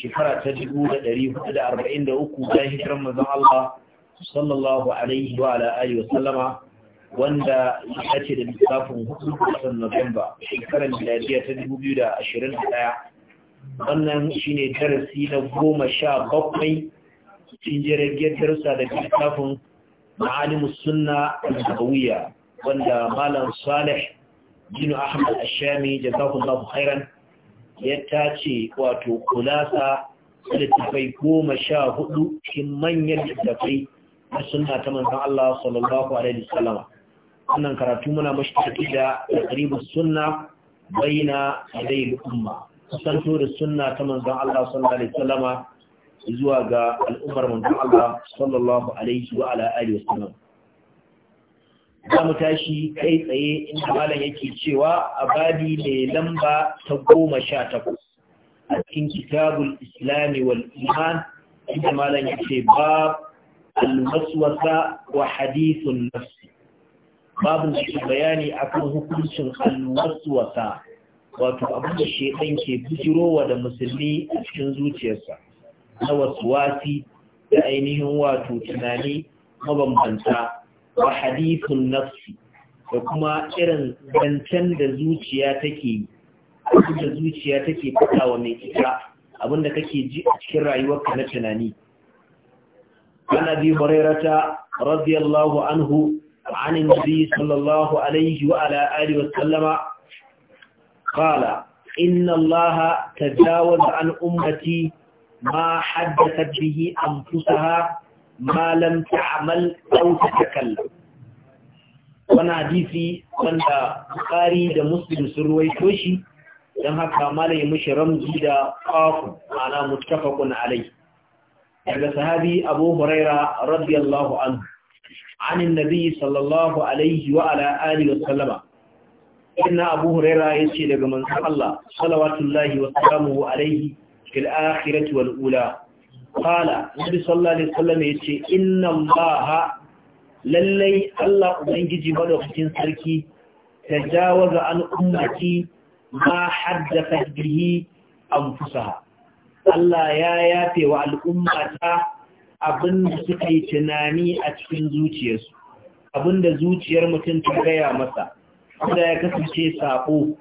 shekara ta dubu da ɗari hudu da arba'in da uku bayan hijiran manzon Allah sallallahu alaihi wa ala alihi wa sallama wanda ya ce da lissafin hudu watan Nuwamba shekarar miladiya ta dubu biyu da ashirin da ɗaya wannan shi ne darasi na goma sha bakwai cikin jirgin darussa da littafin ma'alimus sunna al-nabawiyya wanda malam salih jinu ahmad ashami jazakumullahu khairan ya tace wato kulasa littafai goma sha hudu cikin manyan littafai na suna ta manzan Allah sallallahu Alaihi wasallama wannan karatu muna mashi tafi da ƙaribin suna bayyana a dai al'umma kusanto da suna ta manzan Allah sallallahu Alaihi wasallama zuwa ga al'ummar manzan Allah sallallahu Alaihi wa Alaihi wasallama za mu tashi kai tsaye inda malam yake cewa a babi mai lamba ta goma sha takwas a cikin kitabul islami wal iman inda malam yake bab alwaswasa wa hadithun nafsi babu da bayani akan hukuncin alwaswasa wato abin da ke bijirowa da musulmi a cikin zuciyarsa na wasuwasi da ainihin wato tunani mabambanta wa hadithun nafsi da kuma irin zancen da zuciya take da zuciya take fata mai kisa, abinda kake ji a cikin rayuwarka na tunani an abi hurairata radiyallahu anhu عن النبي صلى الله عليه وعلى آله وسلم قال إن الله تجاوز عن أمتي ما حدثت به أنفسها malam ta'amal ta kalla. wannan hadisi wanda Bukhari da Muslim sun ruwaito shi don haka malam ya mushi ramzi da qafu ana muttafaqun alai daga sahabi Abu Huraira radiyallahu anhu عن النبي صلى الله عليه وعلى آله وسلم إن أبو daga يسير من الله wa الله alaihi, عليه في الآخرة والأولى kala nabi sallallahu alaihi wasallam yace inna allaha lallai Allah ubangiji madaukakin sarki tajawaza an ummati ma haddasa bihi anfusaha Allah ya yafe wa al'ummata abinda suka yi tunani a cikin zuciyarsu abinda zuciyar mutum ta gaya masa wanda ya kasance sako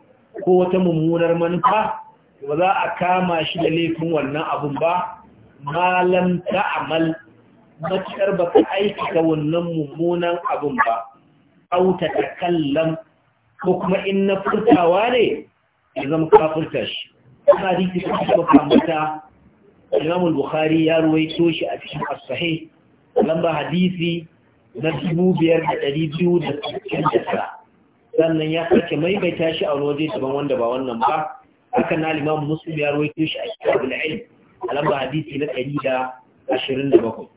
ko wata mummunar manufa ba za a kama shi da laifin wannan abun ba malam ta ta'amal matuƙar ba ka aiki aikata wannan mummunan abin ba auta ta kallon ko kuma in na furtawa ne ya zama ka furta shi ana riki su kuma kamata imamul bukhari ya ruwaito shi a cikin asahi lamba hadisi na dubu biyar da ɗari biyu da cikin jasa sannan ya sake maimaita shi a waje daban wanda ba wannan ba haka na limamu Musulmi ya ruwaito shi a cikin abul'ilm a hadisi na ɗari da ashirin da bakwai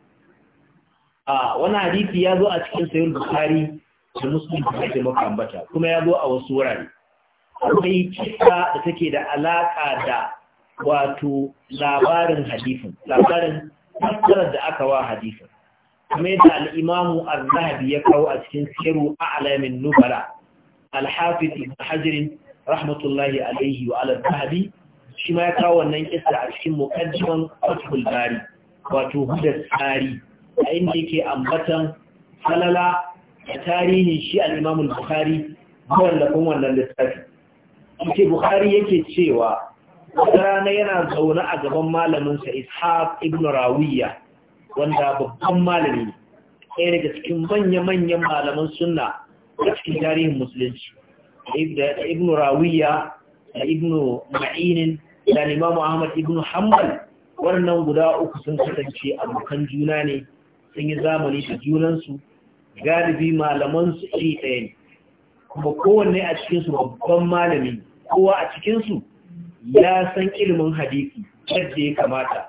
a wani hadisi ya zo a cikin sayar bukari da musulun da ake makambata kuma ya zo a wasu wurare akwai kisa da take da alaƙa da wato labarin hadisin labarin fassarar da aka wa hadisin kuma yadda al'imamu al-zahabi ya kawo a cikin siru a alamin nubara alhafiz ibn hajirin rahmatullahi alaihi wa al-zahabi shi ma ya kawo wannan kisa a cikin mukaddiman fatul bari wato huda tsari a inda yake ambatan falala a tarihin shi al-imam al-bukhari kuma wannan littafi yake bukhari yake cewa rana yana zaune a gaban malaminsa ishaq ibn rawiya wanda babban malami ne? ɗaya daga cikin manya-manyan malaman sunna a cikin tarihin musulunci ibn rawiya da ibn ma'inin da limamu ahmad ibn hanbal wannan guda uku sun kasance abokan juna ne sun yi zamani da junansu galibi malamansu iri ɗaya ne kuma kowanne a cikinsu babban malami kowa a cikinsu ya san ilimin hadisi yadda ya kamata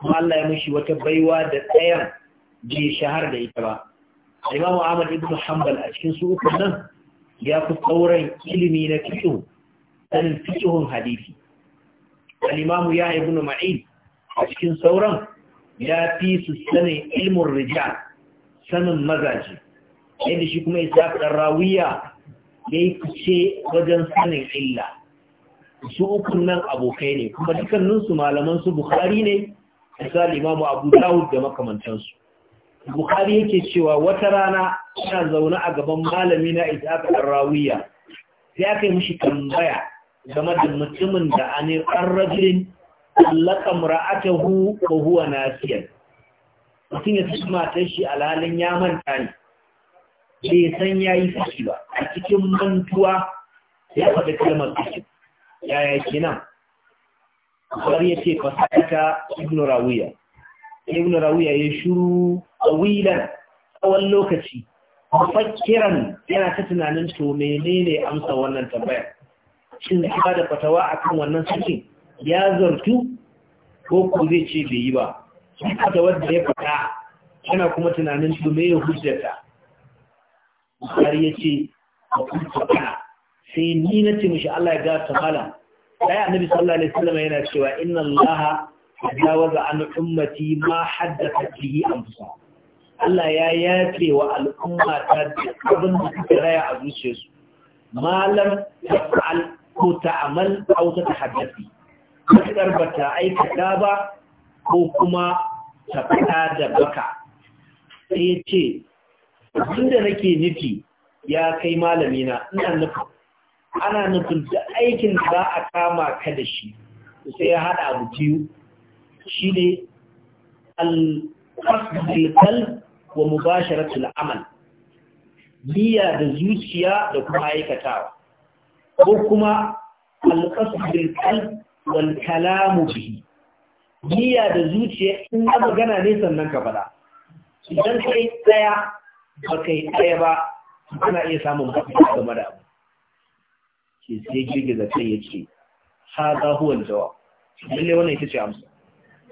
kuma Allah ya mishi wata baiwa da ɗayan je shahar da ita ba Imam Ahmad ibn Hanbal a cikin su uku nan ya fi tsauran ilimi na fiqh sanin fiqhun hadisi al-imamu ya na ma'il a cikin sauran ya fi su sanin ilmin rijal sanin mazaje yadda shi kuma isa ɗan rawiya ya yi fice wajen sanin illa su ukun nan abokai ne kuma dukkaninsu malaman su bukhari ne isa limamu abu dawud da makamantansu bukhari yake cewa wata rana ana zaune a gaban malami na isa ɗan rawiya sai aka yi mishi tambaya game da mutumin da an yi qarrajin allaka mar'atahu ko huwa siyar. mutum ya ci matan shi alhalin ya manta ne bai san ya yi fashi ba a cikin mantuwa ya faɗi kalmar fushi yaya Kwar ya ce fasaka Ibn rawiya Ibn rawiya ya shuru wilan tsawon lokaci mafakiran yana ta tunanin to menene amsa wannan tambayar shin ba da fatawa akan wannan sakin ya zartu ko ku zai ce bai yi ba sun fatawar da ya fata yana kuma tunanin su ya hujjata bukari ya ce a kuma sai ni na ce mashi Allah ya ga Malam? sai annabi sallallahu alaihi wasallam yana cewa inna Allah waza an ummati ma haddathat bihi anfusa Allah ya yafe wa al'umma ta abin da suka raya a zuciyarsu malam tafal ko ta'amal aw ta tahaddasi matakar ba ta aikata ba ko kuma ta fita da baka sai ya ce tunda nake nufi ya kai malamina, na ina nufi ana nufin da aikin za a kama ka da shi sai ya haɗa abu biyu shi ne al-qasdul wa mubasharatul amal niyya da zuciya da kuma aikatawa ko kuma alƙasudin kal kalamu bihi niyya da zuciya in na magana ne sannan ka fada idan yi tsaya ba kai tsaya ba kana iya samun fahimta game da abu ke sai girgiza kai ya ce ha za huwan jawa lalle wannan ita ce amsa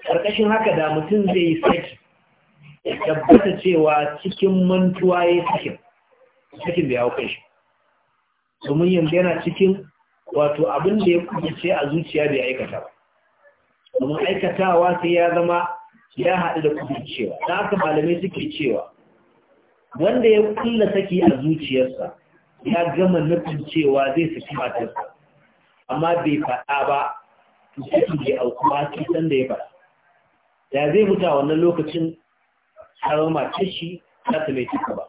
ƙarƙashin haka da mutum zai yi saki ya tabbata cewa cikin mantuwa ya sakin sakin da ya hau kai shi domin yanzu yana cikin wato abin da ya kubuce a zuciya da ya aikata ba domin aikatawa sai ya zama ya haɗu da kubucewa na haka malamai suke cewa wanda ya kulla saki a zuciyarsa ya gama nufin cewa zai saki matarsa amma bai faɗa ba to suke auku ba san da ya faɗa da zai mutu a wannan lokacin har matar shi za ta mai cika ba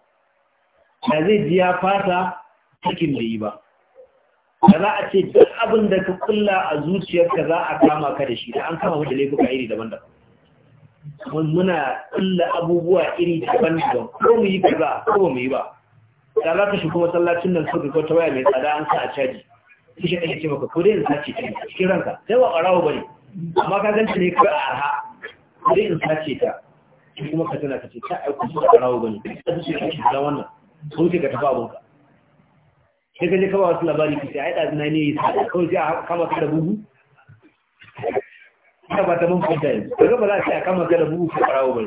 da zai ji ya fata sakin da yi ba da za a ce duk abin da ka kulla a zuciyarka za a kama ka da shi da an kama mu da laifuka iri daban-daban muna kulla abubuwa iri daban-daban ko mu yi kaza ko ba mu yi ba da za ka shiga masallacin nan sauka ko ta waya mai tsada an sa a caji shi shi ake ce maka ko dai in sace ta cikin ranka sai ba ƙarawa ba ne amma ka ganta ne kawai a ha, ko dai in sace ta kuma ka tana ka ce ta aiki su ƙarawa ba ne ka zuciya ka shiga wannan sun ka tafi abunka. sai ka je kaba wasu labari ka ce a ne kawai sai a kama ka da bugu ba ta mun fita yanzu ka ga ba za a ce a kama ka da bugu ka ɓarawo ba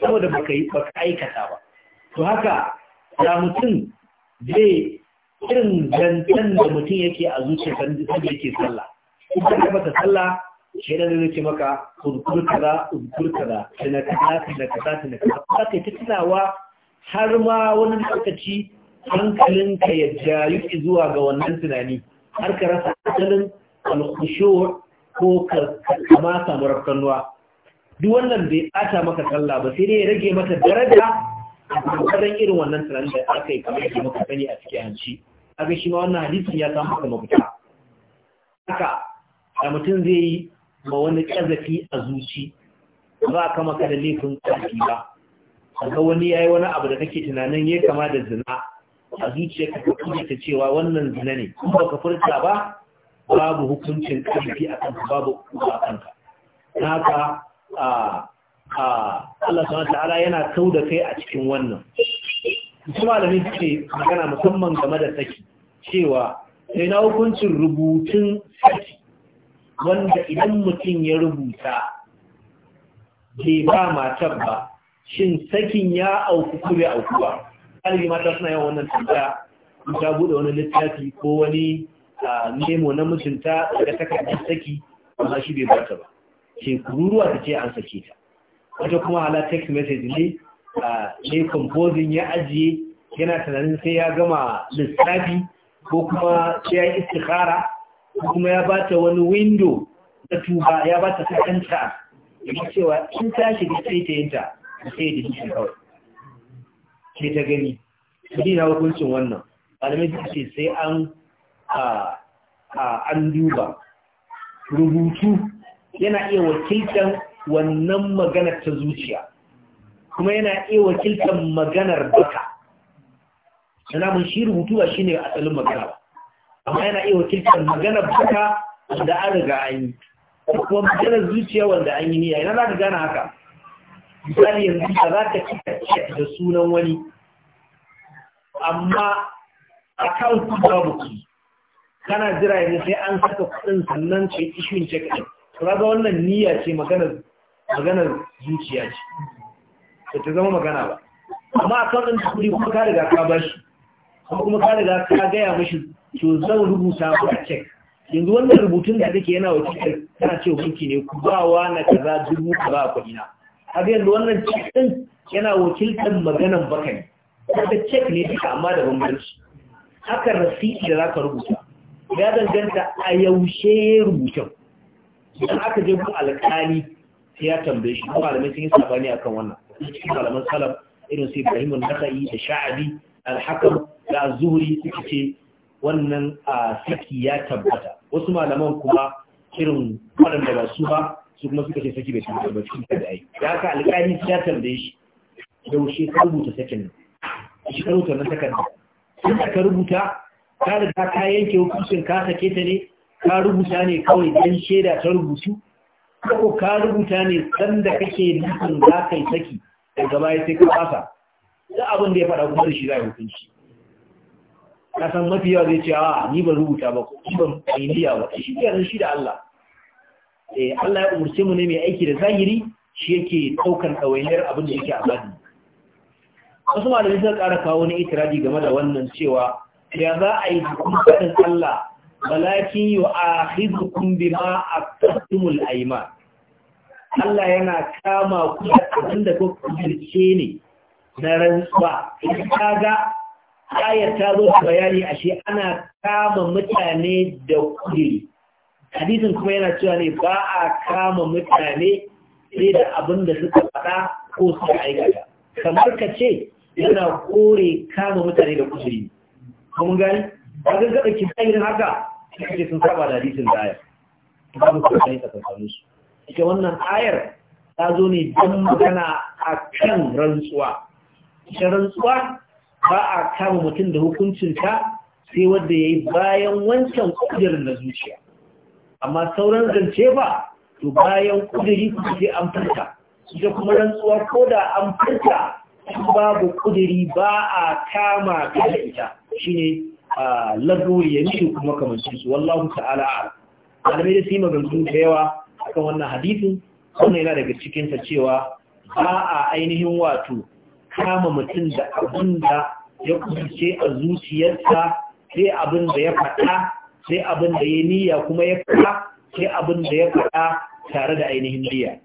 saboda ba ka yi ba ka aikata ba to haka da mutum zai irin zancen da mutum yake a zuciya kan da yake sallah in ka tabbata sallah shi da zai ce maka uzkur kaza uzkur kaza tana kaza tana kaza tana kaza ka ta tunawa har ma wani lokaci hankalinka ya jayu zuwa ga wannan tunani har ka rasa asalin alkushuwar ko ka kama samu rafkanuwa duk wannan bai ata maka sallah ba sai dai ya rage maka daraja a kadan irin wannan tunanin da aka yi kamar yake maka sani a cikin hanci kaga shi ma wannan hadisin ya samu maka mafita haka a mutum zai yi ma wani kazafi a zuci ba a kama ka da laifin kafi ba ga wani yayi wani abu da kake tunanin ya kama da zina a zuciya ka kuma cewa wannan zina ne kuma baka furta ba babu hukuncin karfi a kanka babu kuma a kanka haka a Allah subhanahu ta'ala yana kau da kai a cikin wannan su malamin ce magana musamman game da saki cewa sai na hukuncin rubutun saki wanda idan mutum ya rubuta bai ba matar ba shin sakin ya auku kuma bai auku ba galibi mata suna yawan wannan tambaya in ta bude wani littafi ko wani nemo na mutunta daga takardar saki amma shi bai bata ba ke kururuwa ta ce an sake ta wata kuma hala text message ne ne composing ya ajiye yana tunanin sai ya gama lissafi ko kuma sai ya yi istikhara ko kuma ya bata wani window na tuba ya bata sakanta da cewa in ta shiga sai ta yinta sai ya dinki kawai sai ta gani kudi na hukuncin wannan malamai suka ce sai an an duba rubutu yana iya wakiltar wannan maganar ta zuciya kuma yana iya wakiltar maganar baka suna mun shi rubutu ba ne asalin magana ba amma yana iya wakiltar maganar baka da an riga an yi kuma maganar zuciya wanda an yi niyya yana za ka gana haka misali yanzu da za ka cika da sunan wani amma account kan babu buki kana jira yanzu sai an saka kuɗin sannan ce ishin check ɗin ga wannan niyya ce maganar zuciya ce ba ta zama magana ba amma account ɗin kuɗi kuma ka riga ka bashi kuma ka riga ka gaya mashi to zan rubuta ba cek. yanzu wannan rubutun da kake yana wakiltar kana ce hukunci ne ku ba wa na kaza dubu ka ba a kuɗina har yanzu wannan cikin yana wakiltar maganar bakani kaga cek ne duka amma da bambanci haka rasiti da zaka rubuta ya danganta a yaushe ya rubuta idan aka je gun alƙali sai ya tambaye shi kuma malamai sun yi sabani kan wannan cikin malaman salaf irin su Ibrahim an da Sha'abi al-Hakam da az suka ce wannan a saki ya tabbata wasu malaman kuma irin waɗanda ba su ba su kuma suka ce saki bai tabbata ba cikin da ai da haka alƙali ya tambaye shi yaushe ka rubuta sakin nan shi ka rubuta takarda sun aka rubuta ka riga ka yanke hukuncin ka sake ta ne ka rubuta ne kawai dan shaida ta rubutu ko ka rubuta ne san da kake nufin za ka yi saki daga baya sai ka fasa za abin da ya faɗa kuma da shi za a yi hukunci ka san mafi yawa zai ce a ni ban rubuta ba ko ni ban ainiya ba shi yanzu shi da Allah eh Allah ya umurce mu ne mai aiki da zahiri shi yake ɗaukar ɗawainiyar abin da yake a bani wasu malamai suka ƙara kawo wani itiraji game da wannan cewa ya za a yi kuma faɗin Allah walakin yi a hizukum bi a kasumul aima Allah yana kama ku da abin da ku kujirce ne na rantsuwa in ka ga ayar ta zo da bayani ashe ana kama mutane da kujiri hadisin kuma yana cewa ne ba a kama mutane sai da abin da suka faɗa ko suka aikata kamar ka ce yana kore kama mutane da kusuri kuma gani a gaɗa ki irin haka kake sun saba da hadisin da ayar babu kusurai tsakankanin su ita wannan ayar ta zo ne don magana a kan rantsuwa ita rantsuwa ba a kama mutum da hukuncinta sai wadda ya yi bayan wancan kudirin na zuciya amma sauran zance ba to bayan kudiri kuma sai an furta ita kuma rantsuwa ko da an furta babu kudiri ba a kama kada ita shine a ya nishi kuma kamancin su wallahu ta'ala ala malamai da su yi maganganu da yawa akan wannan hadisin wannan yana daga cikinsa cewa ba a ainihin wato kama mutum da abin da ya kusurce a zuciyarsa sai abin da ya faɗa sai abin da ya niyya kuma ya faɗa sai abin da ya faɗa tare da ainihin biya.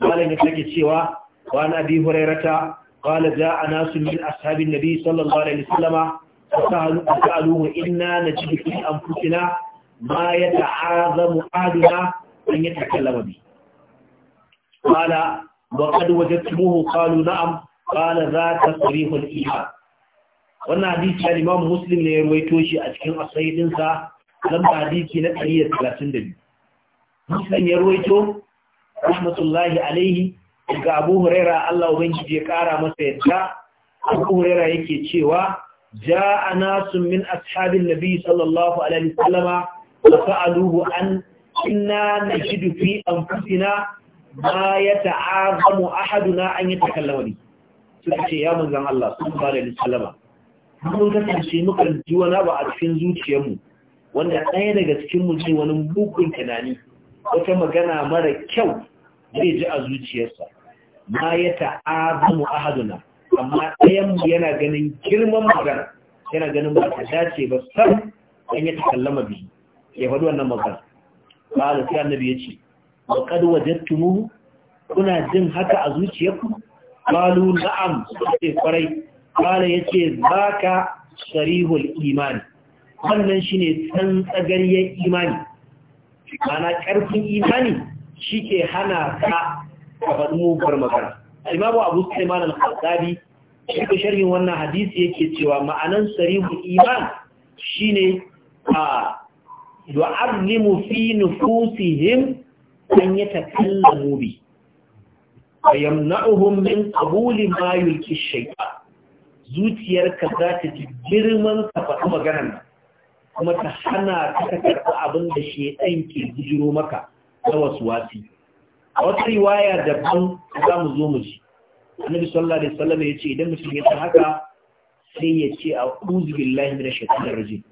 malam ya sake cewa wa na bi hurairata قال جاء ناس من أصحاب النبي صلى الله عليه وسلم فسألوه إنا نجد في أنفسنا ما يتعاظم أهلنا أن يتكلم به قال وقد وجدتموه قالوا نعم قال ذات صريح الإيمان wannan hadisi ya limamu muslim ne ya ruwaito shi a cikin asaidinsa lamba hadisi na 132 muslim ya ruwaito rahmatullahi alaihi daga abu huraira Allah ubangiji ya kara masa yadda abu huraira yake cewa ja'a nasun min ashabin nabi sallallahu alaihi wasallama wa fa'aluhu an inna najidu fi anfusina ma yata'azamu ahaduna an yatakallama bi suka ce ya manzon Allah sallallahu alaihi wasallama mun kasance muka ji wani abu a cikin zuciyarmu wanda ɗaya daga cikin mu ce wani mugun tunani wata magana mara kyau zai ji a zuciyarsa ma ya a ahaduna amma ɗayan mu yana ganin girman magana yana ganin ba ta dace ba sam an ya takallama biyu ya faɗi wannan magana ba da sai annabi ya ce wa wajen kuna jin haka a zuciyarku Balu na'am sai kwarai qala yace zaka sharihul imani wannan shine tsantsagariyar imani mana ƙarfin imani shi ke hana ka ka faɗi magana imamu abu sulaiman al-khattabi shi ko sharhin wannan hadisi yake cewa ma'anan sarihul iman shine a yu'allimu fi nufusihim an yatakallamu bi fayamna'uhum min qabuli ma yulki zuciyarka za ta ji girman ka faɗi maganar kuma ta hana ka karɓi abin da shedan ke bujiro maka na waswasi a wata riwaya daban za mu zo mu ji annabi sallallahu alaihi wasallam ya ce idan mutum ya san haka sai ya ce a uzu billahi minash shaitanir rajim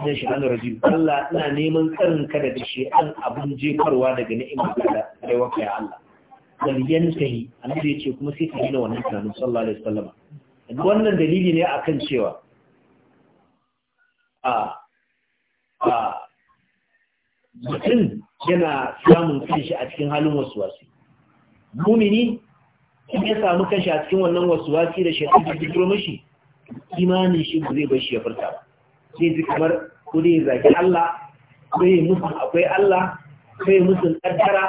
minash shaitanir rajim Allah ina neman tsarin ka daga shaitan abun jefarwa daga ni'imar ka da rayuwar ka ya Allah bal yantahi annabi ya ce kuma sai ka gina wannan tunanin sallallahu alaihi wasallam wannan dalili ne akan cewa a a mutum yana samun kanshi a cikin halin wasuwasi mumini in ya samu kanshi a cikin wannan wasuwasi da shaitan da jiro mashi imanin shi ba zai bashi ya furta sai zai kamar ko zai zaki Allah ko ya musu akwai Allah ko ya musu kaddara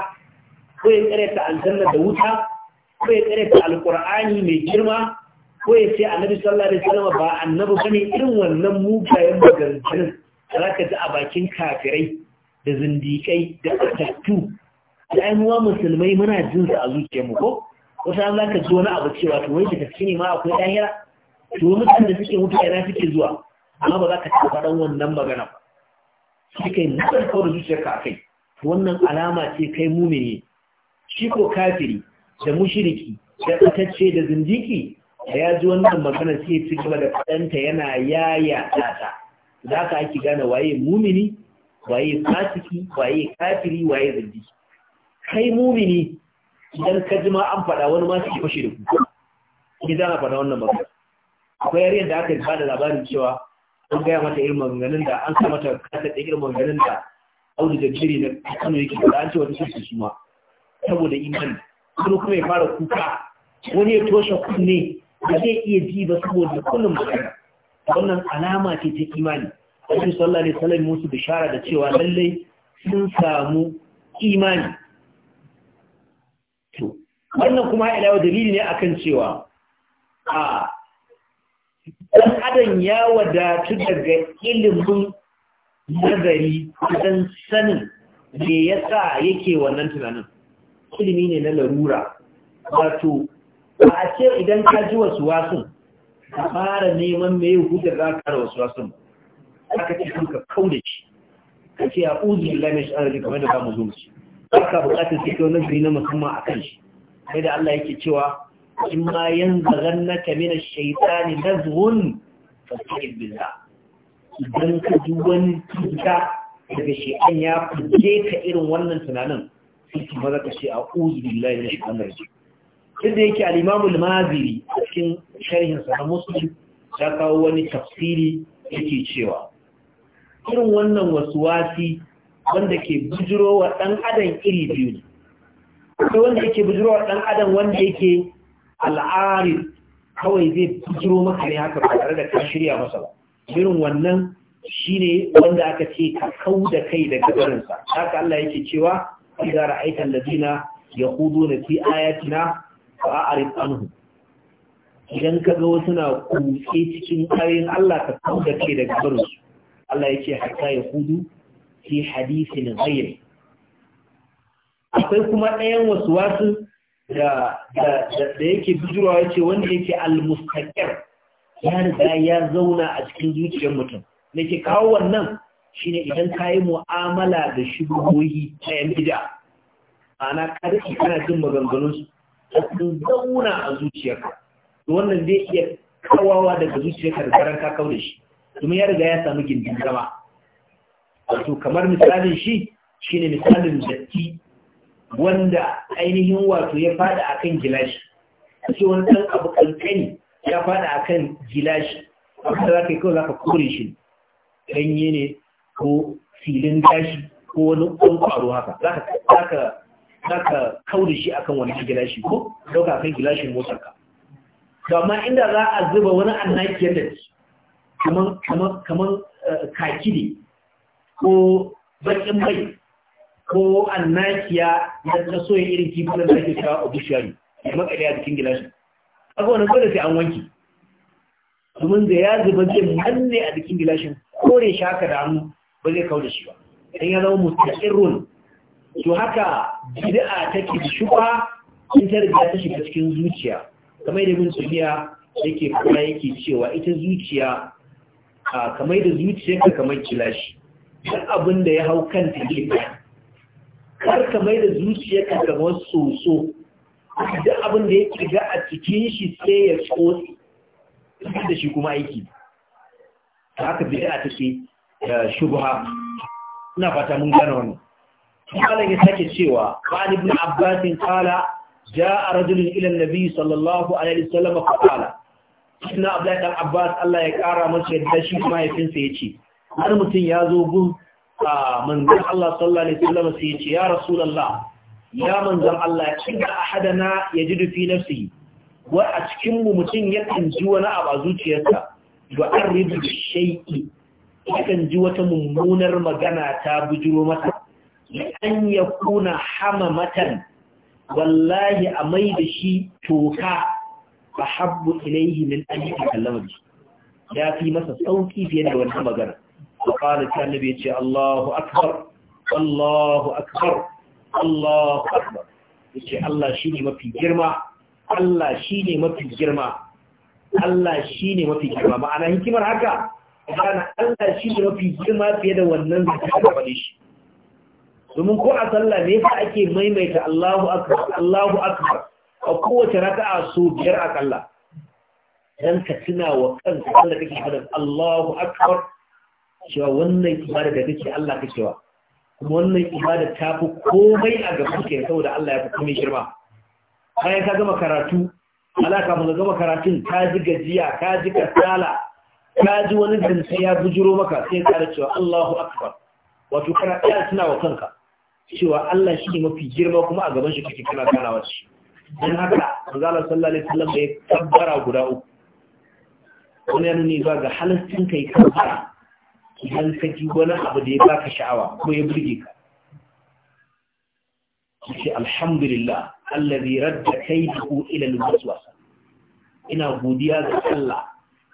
ko ya tsare ta aljanna da wuta ko ya tsare ta alƙur'ani mai girma ko ya ce annabi sallallahu alaihi wasallam ba annabi bane irin wannan mugayen maganganun da ka ji a bakin kafirai da zindikai da atattu da ainihuwa musulmai muna jin su a zuciyarmu ko wata an zaka ji wani abu cewa to wai da ne ma akwai lahira to mutanen da suke mutu yana suke zuwa amma ba za ka taɓa faɗan wannan magana ba shi kai nazar kawai zuciyarka a kai wannan alama ce kai mumini shi ko kafiri da mushiriki da tsatacce da zindiki da ya ji wannan magana sai ci gaba da faɗanta yana yaya ta za ka ake gane waye mumini waye fasiki waye kafiri waye zindi kai mumini idan ka ji ma an faɗa wani ma shi fashe da ku ki za na fada wannan magana akwai yare da aka ba da labarin cewa an gaya mata irin maganganun da an sa mata kasa da irin maganganun da audu da jiri na kano yake da an ce wata sun su ma saboda imani kuma kuma ya fara kuka wani ya toshe kunne ba zai iya ji ba saboda kullum magana wannan alama ce ta imani Annabi sallallahu alaihi wasallam musu bishara da cewa lalle sun samu imani to wannan kuma ila yau dalili ne akan cewa a dan adam ya wadatu daga ilimin nazari dan sani me yasa yake wannan tunanin ilimi ne na larura wato ba a ce idan ka ji wasu wasun ka fara neman me hujjar za ka wasu wasun ba aka ce ka kauda shi ka ce a uzu lillahi shi arabi kamar da mu zo mu aka bukatar sai kai wannan na musamman a kan shi sai da Allah yake cewa in ma yanzaghannaka min shaitani na nazghun fastaqib billah idan ka ji wani cuta daga shi'an ya fice ka irin wannan tunanin sai ki maza ka ce a uzu lillahi min shaytani rajim inda yake al-Imam al a cikin sharhinsa na Muslim ya kawo wani tafsiri yake cewa irin wannan wasuwasi wanda ke bujiro wa ɗan adam iri biyu ne akwai wanda yake bujiro wa ɗan adam wanda yake al'ari kawai zai bujiro maka ne haka tare da ka shirya masa ba irin wannan shine wanda aka ce ka kau da kai daga barinsa haka Allah yake cewa idza ra'aita allazina yaquduna fi ayatina fa'arid anhum idan ka ga wasu na kutse cikin ayoyin Allah ka kau da kai daga barinsu Allah ya ce hatta ya hudu fi hadisin ghairi akwai kuma ɗayan wasu wasu da yake bijirwa ya ce wanda yake al al-mustaqir ya riga ya zauna a cikin zuciyar mutum nake ke kawo wannan shine idan ka mu'amala da shugabohi ta yan ana ƙarfi kana jin maganganunsu a sun zauna a zuciyarka wannan zai iya kawawa daga zuciyarka da karan ka kau da shi domin ya riga ya sami gindin zama wato kamar misalin shi shine misalin datti wanda ainihin wato ya fada akan gilashi sai wani ɗan abu kankani ya fada akan gilashi abinda za ka yi kawai za ka kore shi ganye ne ko filin gashi ko wani ƙwaro haka za ka da shi akan wani gilashi ko ɗauka akan gilashin motarka. amma inda za a zuba wani annakiyar da shi kaman kamar eh, kakiri ko bakin mai ko annakiya na taso irin kifin da ake shawa a bushari da makariya jikin gilashin aka wani dole sai an wanki domin da ya zuba zai manne a jikin gilashin kore shaka da hannu ba zai kawo da shi ba idan ya zama ruwan, to haka bid'a ta ke shuka, in ta riga ta shiga cikin zuciya kamar da mun tsumiya yake kuma yake cewa ita zuciya a kamar da zuciyarka kamar kilashi duk abin da ya hau kanta ne kar ka mai da zuciyarka kamar soso duk abin da ya kirga a cikin shi sai ya tsotsi da shi kuma aiki ta haka bid'a take eh, shubha ina fata mun gano wannan malam ya sake cewa qali abbasin abbas qala jaa rajulun ila an-nabi sallallahu alaihi wasallam fa qala ibn abdullahi dan abbas Allah ya kara masa yadda shi mahaifinsa yace har mutum ya zo gun manzon Allah sallallahu alaihi wasallam sai yace ya rasulullah ya manzan Allah inda ahadana na fi nafsihi wa a cikin mu mutum yakan ji wani abu a zuciyarsa wa arribu shay'i yakan ji wata mummunar magana ta bujiro mata an hama matan. wallahi a mai da shi toka ahabbu ilayhi min an yatakallama bi ya fi masa sauki fiye da wannan magana wa qala ta annabi yace Allahu akbar Allahu akbar Allahu akbar yace Allah shine mafi girma Allah shine mafi girma Allah shine mafi girma ma'ana hikimar haka kana Allah shine mafi girma fiye da wannan zaka da shi domin ko a sallah ne yasa ake maimaita Allahu akbar Allahu akbar a kowace a so biyar kalla dan ka tuna wa kanka da kake hada Allahu akbar cewa wannan ibada da kake Allah ka cewa kuma wannan ibada ta fi komai a gaban ke saboda Allah ya fi komai girma bayan ka gama karatu ala ka mun gama karatun ka ji gajiya ka ji kasala ka ji wani dantsa ya bujuro maka sai ka cewa Allahu akbar wato kana tsaya tuna wa kanka cewa Allah shi mafi girma kuma a gaban shi kake kana kanawa shi don haka manzala sallallahu alaihi da ya tabbara guda uku wani yana nuni ba ga halittun ka yi kabbara idan ka ji wani abu da ya baka sha'awa ko ya burge ka ce alhamdulillah allazi radda da ila al-waswasa ina godiya ga Allah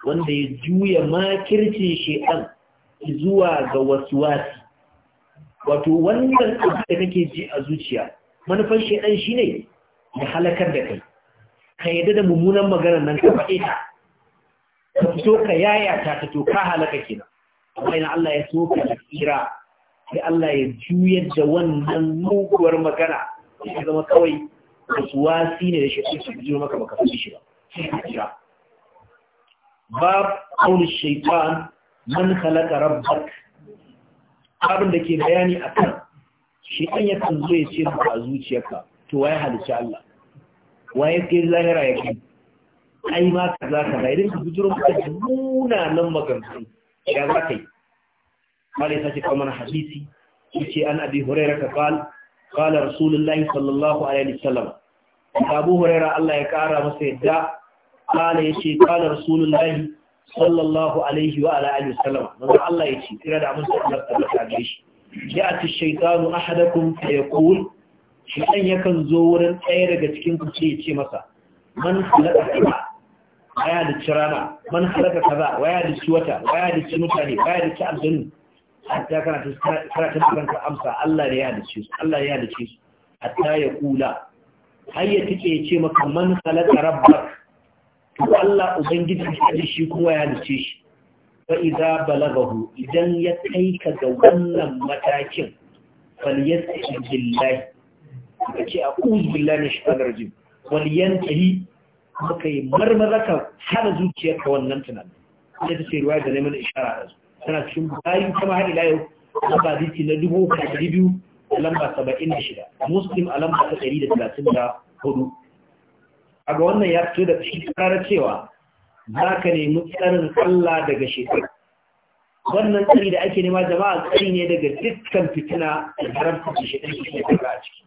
wanda ya juya makircin shedan zuwa ga wasi. wato wannan abu da kake ji a zuciya manufan shi ne? ya halakar da kai ka yadda da mummunan maganar nan ka faɗe ta ka fito ka yaya ta to ka halaka kenan amma ina Allah ya so ka tsira sai Allah ya juyar da wannan muguwar magana ya zama kawai wasi ne da shi su jiro maka baka fi shi ba ba ka shaitan man halaka rabbak abin da ke bayani akan shi ɗan yakan zo ya ce maka a zuciyarka to waye halicci Allah waye ke zahira ya kai ai ma ka za ka zairin ka bujiro maka da nan magana. ya za ka yi mala ya sace kawo mana hadisi yace an abi hurairah ka qal qala rasulullahi sallallahu alaihi wasallam abu hurairah Allah ya kara masa yadda qala yace qala rasulullahi sallallahu alaihi wa ala alihi wasallam manzo Allah yace kira da mun sallallahu alaihi wasallam ya ce shaytanu ahadakum fa yaqul shi yakan zo wurin ɗaya daga cikin kuce ce ce masa man halaka kaza waya da ci rana man halaka kaza waya da ci wata waya da ci mutane waya da ci aljanu hatta kana ta karatu kanka amsa Allah ne ya da ci su Allah ne ya da ci su hatta ya kula har ya tike ya ce maka man halaka rabbak to Allah ubangiji shi shi kuma ya da ci shi fa idza balagahu idan ya kai ka ga wannan matakin falyasta'in billahi ka ce a ƙuz billahi shaitanir rajim wal yantahi maka yi marmara ka hana zuciya ka wannan tunanin sai ta sayarwa da neman ishara a su tana cikin bukari kama har ila yau lamba na dubu ka ɗari biyu a lamba saba'in da shida muslim a lamba ta ɗari da talatin da hudu a ga wannan ya fito da shi tsara cewa za ka nemi tsarin Allah daga shekaru wannan tsari da ake nema jama'a tsari ne daga dukkan fitina da haramta da shekaru da shekaru a ciki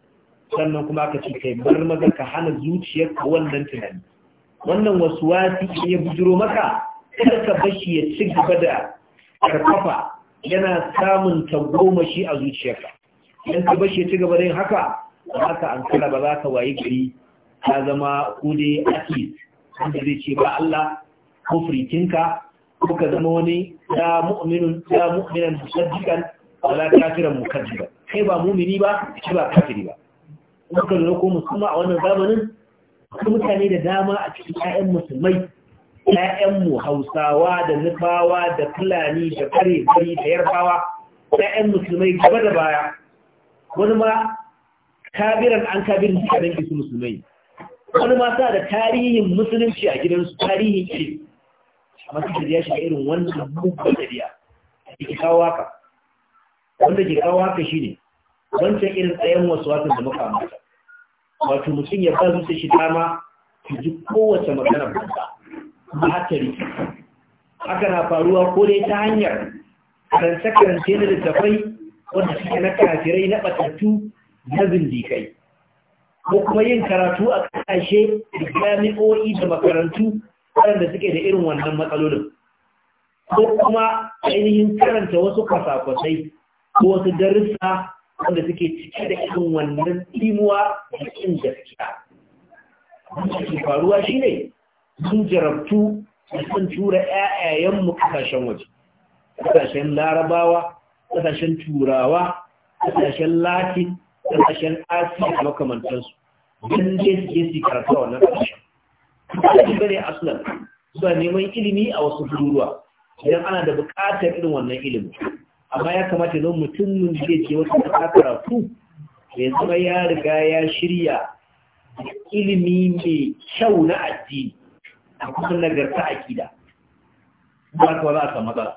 sannan kuma aka ce kai bar maza ka hana zuciyarka wannan tunani wannan wasu wasi ya bujiro maka kada ka bashi ya ci gaba da karkafa yana samun tagomashi a zuciyarka idan ka bashi ya ci gaba da yin haka ba ka an ba za ka wayi gari ta zama kude akis wanda zai ce ba Allah ko firkinka ko ka zama wani ya mu'minin ya mu'minan musaddiqan wala kafiran kai ba mu'mini ba shi ba kafiri ba muka lura ko musamman a wannan zamanin su mutane da dama a cikin 'ya'yan musulmai ‘ya'yanmu hausawa da nufawa da fulani da kare gari da yarbawa ‘ya'yan musulmai gaba da baya wani ma kabiran an kabirin su kanan gisu musulmai wani ma sa da tarihin musulunci a gidansu tarihin ce Masu suka ya shiga irin wannan mugun dariya da ke kawo haka wanda ke kawo haka shi ne wancan irin tsayen wasu watan da muka mata wato mutum ya ba zuci shi dama ta ji kowace magana banza ba hatari haka na faruwa ko dai ta hanyar karance-karance na littafai wanda suke na kafirai na batattu na zindikai ko kuma yin karatu a ƙasashe da jami'o'i da makarantu waɗanda suke da irin wannan matsalolin ko kuma ainihin karanta wasu kwasa-kwasai ko wasu darussa wanda suke cike da irin wannan timuwa da cikin gaskiya wanda ke faruwa shine sun jarabtu da sun tura yayayanmu kasashen waje kasashen larabawa kasashen turawa kasashen lati kasashen da makamantansu don je su je su karatu a wannan kasashen kasashen bane aslan suna neman ilimi a wasu garuruwa idan ana da buƙatar irin wannan ilimi. amma ya kamata don mutumin da ke wata kasa karatu ya zama ya riga ya shirya ilimi mai kyau na addini a kuma nagarta akida ba ka za a samu matsala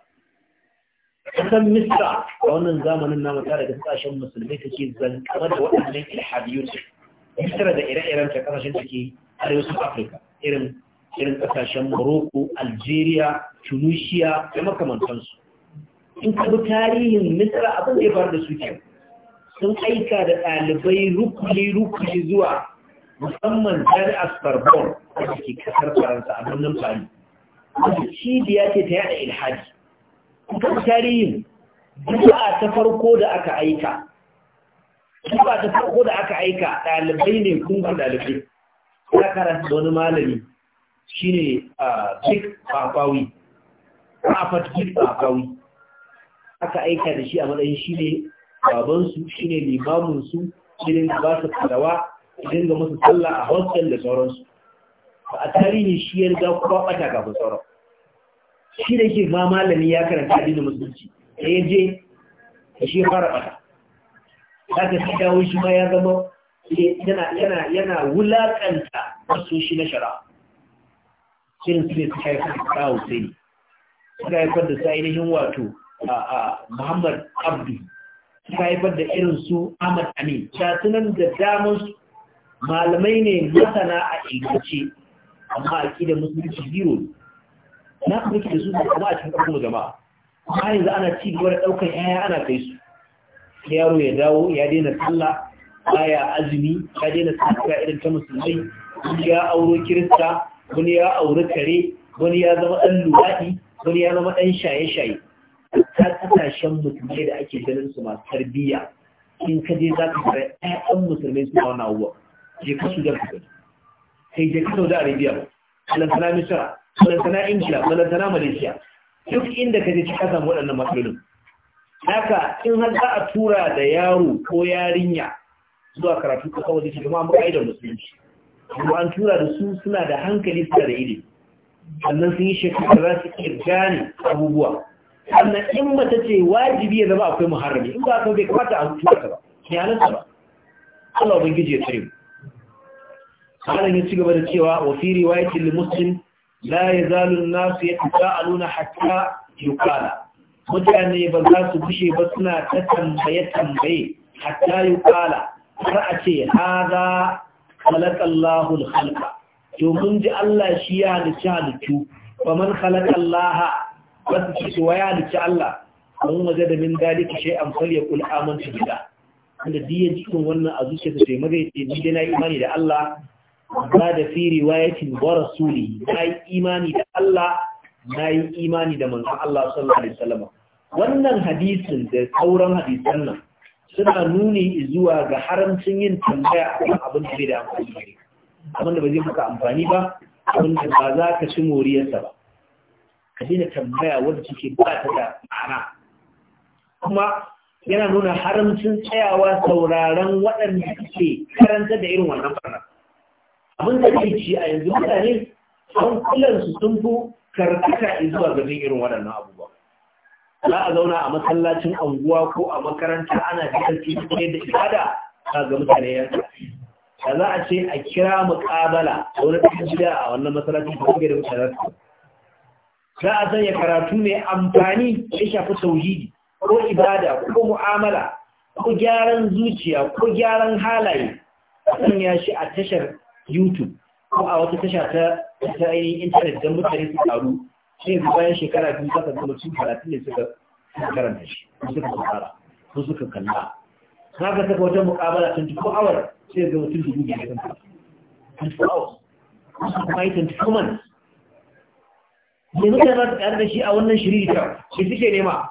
kasan Mista a wannan zamanin namu tare da kasashen musulmai take zankarar da waɗannan ilhadiyun misra da ire-iren ta kasashen take arewacin afirka irin irin kasashen morocco algeria tunisia da makamantansu in ka bi tarihin misra abin da ya faru da suke sun aika da ɗalibai rukuli-rukuli zuwa musamman jari asfarbon da ke kasar faransa a birnin fari wanda cibiya ce ta yada ilhadi bi tarihin zuwa ta farko da aka aika zuwa ta farko da aka aika ɗalibai ne kungun ɗalibai ya karanta wani malami shine ah, big fafawi a fatikin fafawi aka aika da shi a matsayin shi ne babansu shi ne limaminsu shi ne ba su fadawa idan ga masu sallah a hostel da sauransu ba a tarihi shi ya riga kuma bata kafin sauran shi da ke ma malami ya karanta addinin musulunci da ya je da shi fara bata za ka shi dawo shi ma ya zama eh, yana wulaƙanta wasu shi na shara shirin su ne su haifar da kawo sai suka haifar da su ainihin wato Muhammad Abdi ta haifar da irin su Ahmad Amin shatunan da damar su malamai ne masana a ingance amma a ƙi da musulunci ne. na kuma da su kuma a cikin ƙarfin jama'a Kuma yanzu ana ci gaba da ɗaukar yaya ana kai su yaro ya dawo ya daina sallah baya azumi ya daina sallah irin ta musulmai wani ya auro kirista wani ya auri kare wani ya zama ɗan luwaɗi wani ya zama ɗan shaye-shaye ta kasashen musulmai da ake ganin su masu tarbiyya in ka je za ka fara ɗan musulmai su kawo wa je ka su jarka gani sai je ka sauda arabia ba balantana misira balantana india balantana malaysia duk inda ka je ka samu waɗannan matsalolin haka in har za a tura da yaro ko yarinya zuwa karatu ka kawo da shi kuma muka musulunci kuma an tura da su suna da hankali suna da ilimi sannan sun yi shekaru za su iya gane abubuwa sannan in mace ce wajibi ya zama akwai muharrami in ba ka bai kamata a hutu ka ba ne ba Allah ubangiji ya tsare mu malam ya ci gaba da cewa wa fi riwayatin muslim la yazalu an nas yata'aluna hatta yuqala mutane ba za su bushe ba suna ta tambaye tambaye hatta yuqala har a ce hadha khalaqa Allahu al-khalqa to mun ji Allah shi ya halicci halittu fa man khalaqa wasu ce waya ya halicci Allah an waje da min dalika shay'an falyakul amantu billah wanda duk ya cikin wannan a zuciyarsa sai maga yace ni dai na imani da Allah ba da fi riwayatin wa rasuli na yi imani da Allah na yi imani da manzon Allah sallallahu alaihi wasallam wannan hadisin da sauran hadisan nan suna nuni zuwa ga haramcin yin tambaya akan abin da bai da amfani abin da ba zai maka amfani ba abin da ba za ka ci moriyarsa ba ka tambaya wanda suke ba ta da ma'ana kuma yana nuna haramcin tsayawa sauraron waɗanda suke karanta da irin wannan barna abin da ke ci a yanzu mutane an kulansu sun fi karkata zuwa gajin irin waɗannan abubuwa za a zauna a masallacin anguwa ko a makaranta ana jikarci ne da ibada a ga mutane yanzu da za a ce a kira muƙabala a wani ɗan gida a wannan masallacin da kuke da mutane za a sanya karatu mai amfani ya shafi tauhidi ko ibada ko mu'amala ko gyaran zuciya ko gyaran halaye a sanya shi a tashar youtube ko a wata tasha ta ainihin intanet don mutane su karu sai ne bayan shekara biyu zaka zama cin karatu ne suka karanta shi suka fara ko suka kalla za ka saka wata muƙabala 24 hours sai ga mutum dubu biyar kan 24 hours kuma yi 24 months yanzu da za su tsayar da shi a wannan ta shi suke nema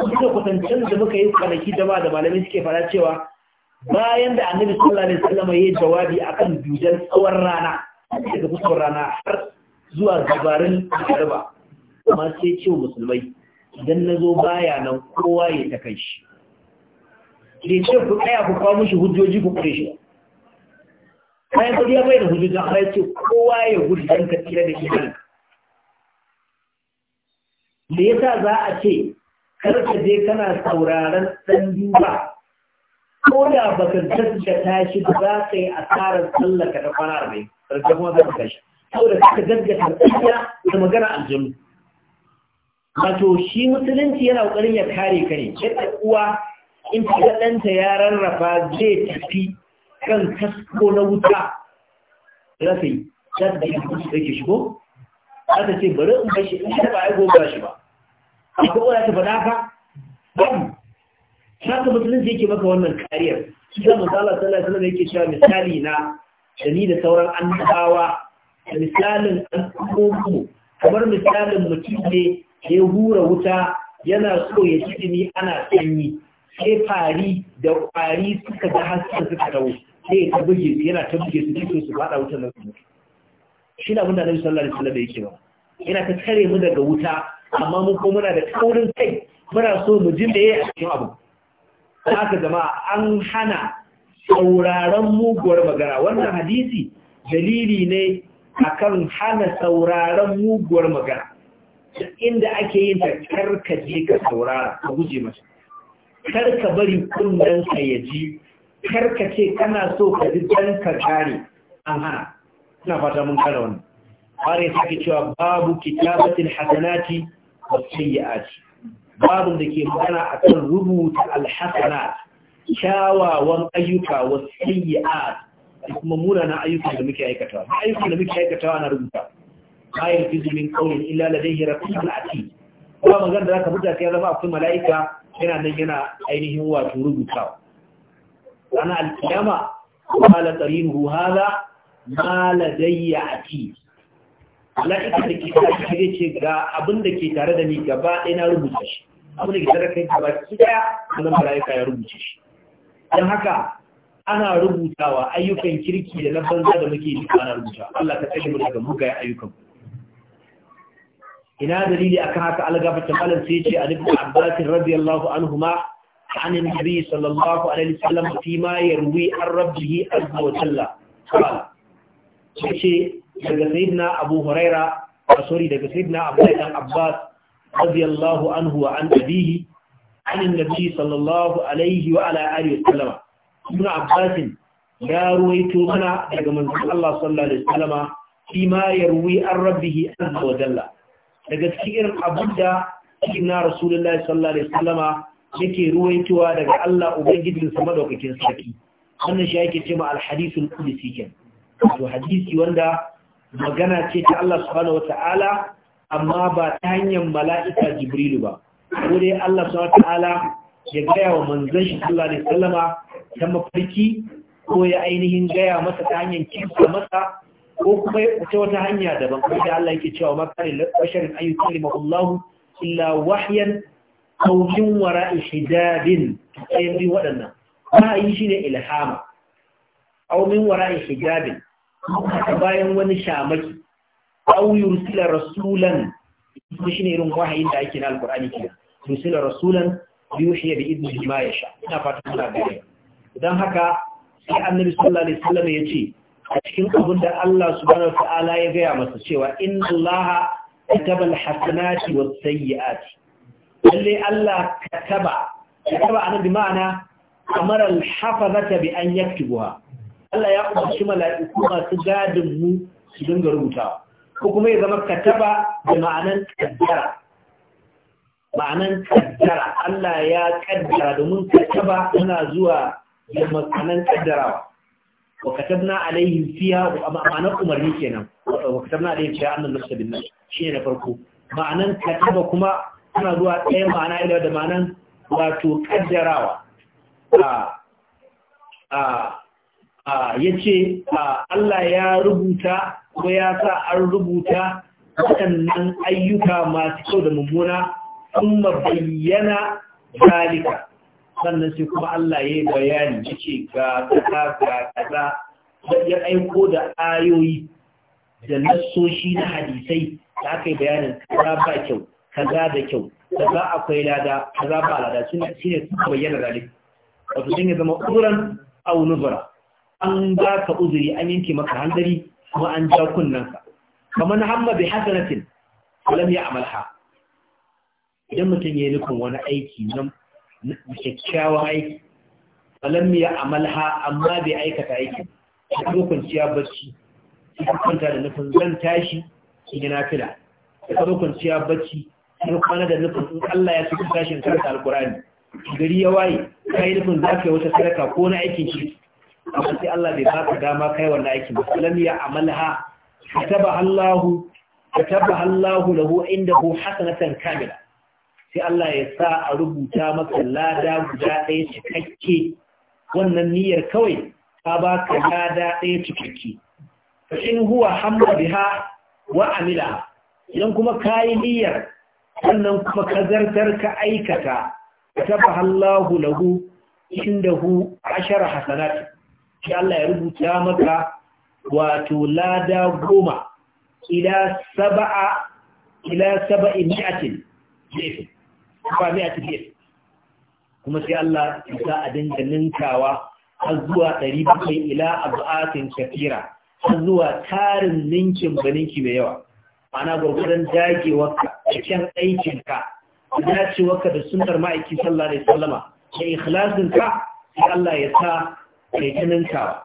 suka kwatancin da muka yi kwanaki da ba da malamai suke fara cewa bayan da annabi sallallahu alaihi wasallam ya yi jawabi akan dujan tsawon rana daga kusurin rana har zuwa zubarin garba amma sai ce musulmai idan na zo baya nan kowa ya ta kai shi ke ce ku tsaya ku kawo mushi hujjoji ku kure shi bayan kudi ya bai da hujjoji a ce kowa ya gudu don ka tsira da shi kanka me yasa za a ce kar ka je kana sauraron ɗan duba ko da baka gaggata shi ba za ka yi asarar sallah ka ta kwana arba'in sarki kuma za ka kashi saboda ka gaggata tsaya da magana aljanu wato shi musulunci yana ƙoƙarin ya kare ka ne yadda uwa in ta ɗanta ya rarrafa zai tafi kan kasko na wuta rafi za ta da yankin su ɗauke shigo za ta ce bari in bashi in ba a yi gobe shi ba akwai waya ta faɗa ka Ɗan, shaka musulunci yake maka wannan kariyar shi da manzala sallallahu alaihi yake cewa misali na Da ni da sauran annabawa misalin al'ummu kamar misalin mutum ne ya hura wuta yana so ya ci ni ana sanyi sai fari da kwari suka ga hasken suka dawo sai ya tabbaje su yana ta tabbaje su fito su fada wutar nan shi da abin da Annabi sallallahu alaihi wasallam yake ba yana ta kare mu daga wuta amma mun ko muna da kaurin kai muna so mu ji meye a cikin abu haka jama'a an hana sauraron muguwar magana wannan hadisi dalili ne akan hana sauraron muguwar magana inda ake yin ta je ka saurara ka guje masa karka bari kunnen ka ya ji ce kana so ka ji dan ka kare an hana ina fata mun kare wannan bare sake cewa babu kitabatin hasanati والسيئات باب da ke magana akan rubuta alhasanat shawawan ayyuka wasayyi'at da kuma munanan ayyukan da muke aikatawa ayyukan da muke aikatawa na rubuta bayan fizimin kaunin illa ladaihi raqibul atid kuma magana da zaka buga sai zama akwai mala'ika yana nan yana ainihin wato rubutawa ana alkiyama qala qarinuhu hadha ma ladayya atid mala'ikan da ke tare da ce ga abin da ke tare da ni gaba ɗaya na rubuta shi abin da ke tare kai gaba ki ɗaya wannan mala'ika ya rubuta shi don haka ana rubutawa ayyukan kirki da na banza da muke yi ana rubuta Allah ka tsaye mu daga mugayen ayyukan ina dalili akan haka algafata malam sai ce a ibn abbas radiyallahu anhuma عن النبي صلى الله عليه وسلم فيما يروي عن ربه عز وجل قال ce daga sayyidina abu huraira a ah, sori daga sayyidina abdullahi dan abbas radiyallahu anhu wa an abihi an nabi sallallahu alaihi wa ala alihi wasallam ibn abbas ya ruwaito mana daga manzon Allah sallallahu alaihi wasallam fi ma yarwi an rabbih azza wa jalla daga cikin irin abinda sayyidina rasulullahi sallallahu alaihi wa wasallam yake ruwaitowa daga Allah ubangijinsa madaukakin sarki wannan shi yake cewa al-hadithul qudsi kenan to hadisi wanda magana ce ta Allah subhanahu wata'ala amma ba ta hanyar mala'ika jibrilu ba ko dai Allah subhanahu wata'ala ya gaya wa manzon shi sallallahu ta mafarki ko ya ainihin gaya masa ta hanyar kinsa masa ko kuma ta wata hanya daban ko da Allah yake cewa makarin basharin ayyukan limahullahu illa wahyan aw min wara'i hijabin sai bi wadannan ra'ayi shine ilhama aw min wara'i bayan wani shamaki aw yursila rasulan ko shine irin wahayin da ake na alqur'ani ke yursila rasulan yuhiya bi idnihi ma yasha ina fata kuna gane dan haka sai annabi sallallahu alaihi wasallam ya ce a cikin abin da Allah subhanahu wataala ya gaya masa cewa inna allaha kataba alhasanati was sayyiati lalle Allah kataba kataba anan bi ma'ana amara alhafazata bi an yaktubuha Allah ya umarci mala'iku masu gadin mu su dinga rubutawa ko kuma ya zama kataba da ma'anan kaddara ma'anan kaddara Allah ya kaddara domin kataba tana zuwa da ma'anan kaddara wa katabna alaihim fiha ma'anan umarni kenan wa katabna alaihim fiha annal nafsa bin nafs shine na farko ma'anan kataba kuma tana zuwa ɗaya ma'ana ila da ma'anan wato kaddarawa a ah, a ah, ya ce Allah ya rubuta ko ya sa an rubuta waɗannan ayyuka masu kyau da mummuna sun bayyana zalika sannan sai kuma Allah ya yi bayani ya ce ga kaza ga kaza ya aiko da ayoyi da nassoshi na hadisai da aka yi bayanin kaza ba kyau kaza da kyau kaza akwai lada kaza ba lada shi ne bayyana zalika wato sun yi zama ƙuran au an ba ka uzuri an yanke maka hanzari kuma an ja kunnanka kamar hamma bi hasanatin lam ya amalha idan mutum ya yi nufin wani aiki nan kyakkyawan aiki lam ya amalha amma bai aikata aiki da kuma ciya bacci sai kwanta da nufin zan tashi in gina fila da kuma kwanciya bacci sai kwana da nufin in Allah ya tuka tashin karanta alkurani gari ya waye kai nufin za ka yi wata sadaka ko na aikin shi amma sai Allah bai baka dama kai wannan aikin ba lam ya amalha kataba Allahu kataba Allahu lahu hu hasanatan kamila sai Allah ya sa a rubuta maka lada guda ɗaya cikakke wannan niyyar kawai ka baka lada ɗaya cikakke fa in huwa hamma biha wa amila idan kuma kayi niyyar sannan kuma ka zartar ka aikata kataba Allahu lahu hu ashara hasanat shi Allah ya rubuta maka wato lada goma ila saba'a ila saba'i mi'atin jefin kuma mi'atin jefin kuma sai Allah ya sa a dinga ninkawa har zuwa ɗari bakwai ila abu'atin shafira har zuwa tarin ninkin baninki mai yawa ana gurgudan dagewarka da kyan aikin dacewarka da sunar ma'aiki sallah da sallama da ikhlasinka sai Allah ya sa kai tsananta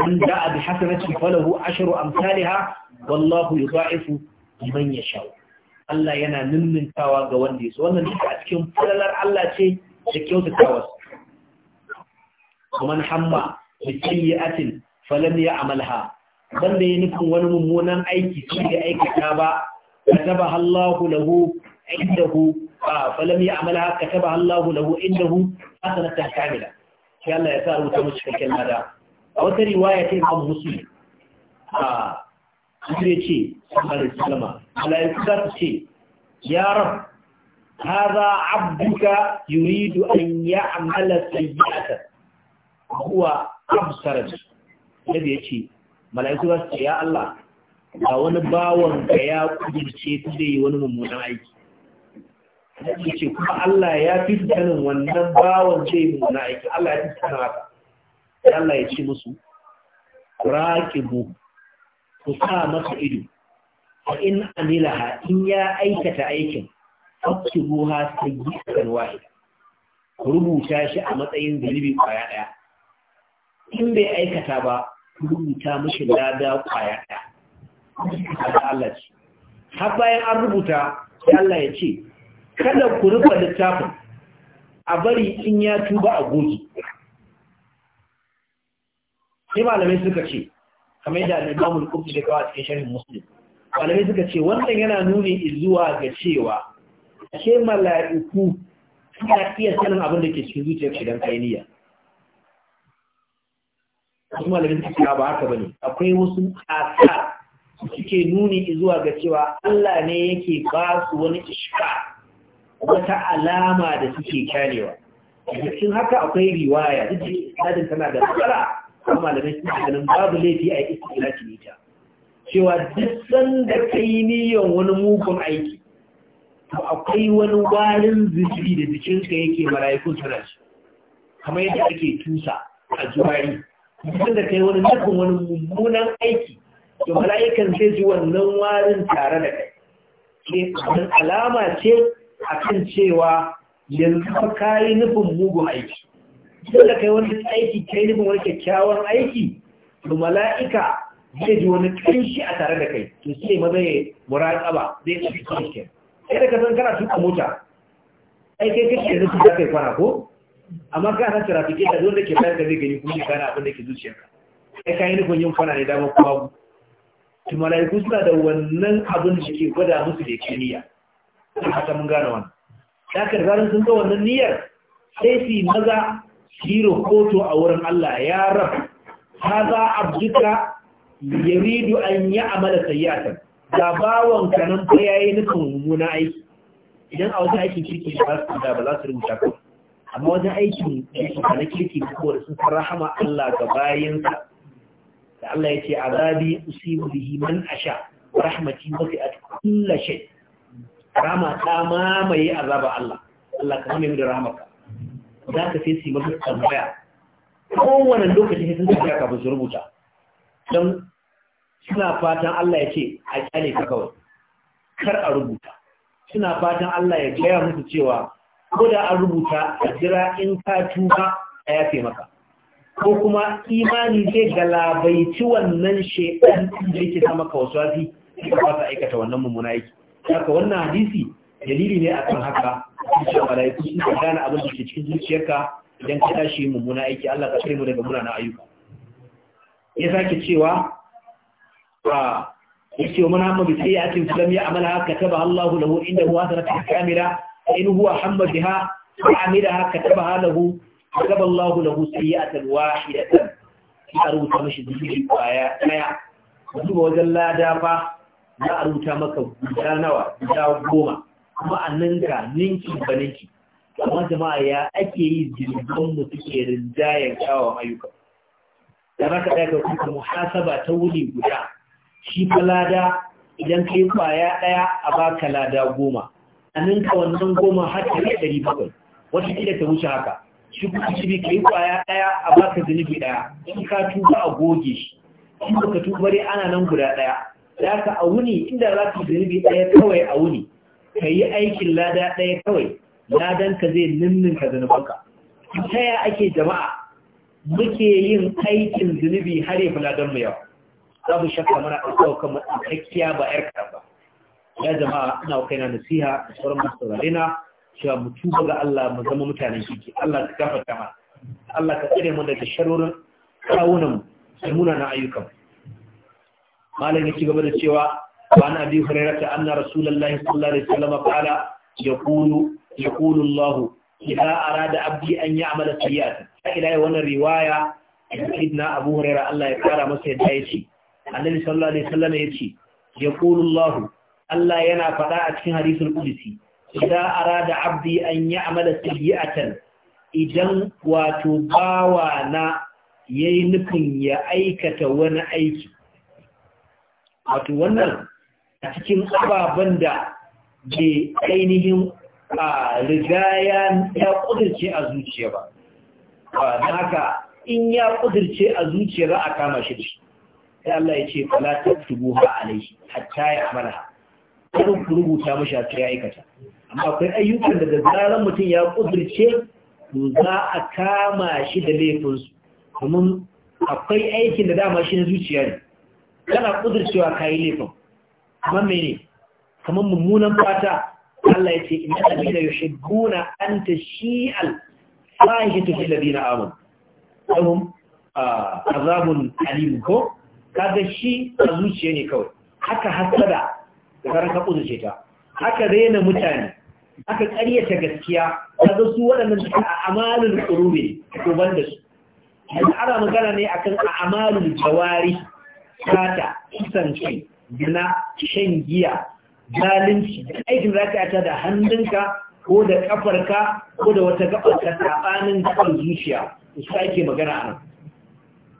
man a bi hasanatin falahu asharu amsalha wallahu yudha'ifu ya yasha Allah yana ninnintawa ga wanda ya yaso wannan duka a cikin falalar Allah ce da kyautatawa kuma hamma bi sayyi'atin falam Amalha. wanda ya nufin wani mummunan aiki su da aikata ba katabaha Allahu lahu indahu falam ya'malha katabaha Allahu lahu indahu hasanatan kamila sai Allah ya sa rubuta musu cikakken lada a wata riwaya ta Imam Muslim a Jibril ce sallallahu alaihi wasallam malaiku za su ce ya rab hadha abduka yuridu an ya'mala sayyi'atan huwa absara nabi ya ce malaiku za su ce ya Allah ga wani bawon ka ya kudirce ta zai yi wani mummunan aiki yake kuma Allah ya fi sanin wannan bawan zai yi muna aiki Allah ya fi sanin haka Ya Allah ya ce musu raqibu ku sa masa ido fa in amilaha in ya aikata aikin yi sayyi'atan wahida rubuta shi a matsayin zunubi kwaya daya in bai aikata ba rubuta mishi lada kwaya daya Allah ce har bayan an rubuta Allah ya ce kada ku rufe littafin a bari in ya tuba a goji sai malamai suka ce kamar da al'adamul kufi da kawo a cikin sharhin musulun malamai suka ce wannan yana nuni zuwa ga cewa ashe mala'iku suna iya sanin abin da ke cikin zuciyar shidan kainiya wasu malamai suka ce ba haka bane akwai wasu ƙasa suke nuni zuwa ga cewa Allah ne yake ba su wani ishka wata alama da suke kyanewa cikin haka akwai riwaya duk da isnadin tana da tsara kuma malamai suna ganin babu laifi a istilaci ne ta cewa duk sanda kai niyan wani mugun aiki to akwai wani warin zubi da jikinka yake mala'ikun suna shi kamar yadda ake tusa a juwari duk da kai wani nufin wani mummunan aiki to mala'ikan sai ji wannan warin tare da kai sai alama ce akan cewa yanzu fa kayi nufin mugun aiki idan da kai wani aiki kai nufin wani kyakkyawan aiki to mala'ika zai ji wani kanshi a tare da kai to sai zai ya ba zai ci kanshi sai da ka san kana tuka mota ai kai kake da nufin kai kwana ko amma ka san trafike da zuwa ke bayan da zai gani kuma kana abin da ke zuciyarka kai yi nufin yin kwana ne dama kuma to mala'iku suna da wannan abin da ke gwada musu da kimiyya sun haka mun gane wani ya karbarin sun ga wannan niyyar sai su maza su rahoto a wurin Allah ya rab haza ya yaridu an yi amala sayyatan da bawon kanan ya yi nufin mummuna aiki idan a wajen aikin kirki ba su da ba za su rubuta ko amma wajen aikin kirki ba na kirki ko da sun rahama Allah ga bayansa. da Allah ya ce azabi usibu bihi man asha rahmati a kulli shay rama ta mamaye azaba Allah Allah ka mamaye da ramaka za ka sai su yi masa tambaya kowane lokaci sai sun tafiya kafin su rubuta don suna fatan Allah ya ce a kyale ka kawai kar a rubuta suna fatan Allah ya gaya musu cewa ko da an rubuta a jira in ka tuba a yafe maka ko kuma imani zai galabaici wannan shekaru da yake sa maka wasu wafi ka fasa aikata wannan mummuna yake haka wannan hadisi dalili ne akan haka cikin malaiku sun ka gane abin da ke cikin zuciyarka idan ka tashi mummuna aiki Allah ka kare mu daga munana ayyuka ya sake cewa a yake wa mana mabi sai ya tin filam ya amala haka Allah lahu inda huwa sanata kamila in huwa hamma biha wa amila haka lahu taba Allah lahu sayyatan wahidatan ya rubuta mishi zuciya daya duba wajen lada fa za a rubuta maka guda nawa guda goma kuma a ga ninki ba ninki amma jama'a ya ake yi jirgin mu suke rinjayen kyawawan ayyuka da ba ka ɗaya ka kuka muhasaba ta wuni guda shi fa lada idan kai kwaya ɗaya a baka lada goma a ninka wannan goma har ta ɗari bakwai wata kila ta wuce haka shi kuma shi kai kwaya ɗaya a baka zunubi ɗaya in ka tuba a goge shi Shi ka tuba dai ana nan guda ɗaya za ka a wuni inda za ka zunubi ɗaya kawai a wuni ka yi aikin lada ɗaya kawai ladanka zai ninnin ka zunubanka ta ya ake jama'a muke yin aikin zunubi har yi ladan mu yawa za mu shakka mana a saukan matsakakkiya ba yar ka ba ya jama'a ina kai na nasiha da sauran masu saurare na cewa mu ga Allah mu zama mutanen shi Allah ka gafarta mana Allah ka tsare mu daga sharorin kawunan mu da munanan ayyukan malam ya ci da cewa ba na abi hurera ta anna rasulullah sallallahu alaihi wasallam qala yaqulu yaqulu allah idha arada abdi an ya'mala sayyi'at ila wannan riwaya ibn abu hurera allah ya fara masa yadda yace annabi sallallahu alaihi wasallam yace yaqulu allah allah yana faɗa a cikin hadisul qudsi idha arada abdi an ya'mala sayyi'at idan wato bawa na yayi nufin ya aikata wani aiki wato wannan a cikin ababen da ke ainihin a rigaya ya kudurce a zuciya ba ba haka in ya ƙudurce a zuciya za a kama shi da shi sai Allah ya ce falatar tubu ha alaihi hatta ya amala kar rubuta mashi hatta ya aikata amma akwai ayyukan da da zaran mutum ya ƙudurce to za a kama shi da laifinsu. domin akwai aikin da dama shi na zuciya ne kana kudurcewa kayi laifin amma mene kamar mummunan fata Allah ya ce inna alladhina yuhibbuna an tashi'al fahishatu fil na amanu lahum azabun alim ko kaga shi a zuciya ne kawai haka hasada da karan ka kudurce ta haka rena mutane haka ƙaryata gaskiya ga su waɗannan a amalul qulubi to da su ana magana ne akan a amalul jawari sata kisan gina shan giya zalunci aikin za ka ta da hannunka ko da kafarka ko da wata gabarka tsabanin gaban zuciya su ake magana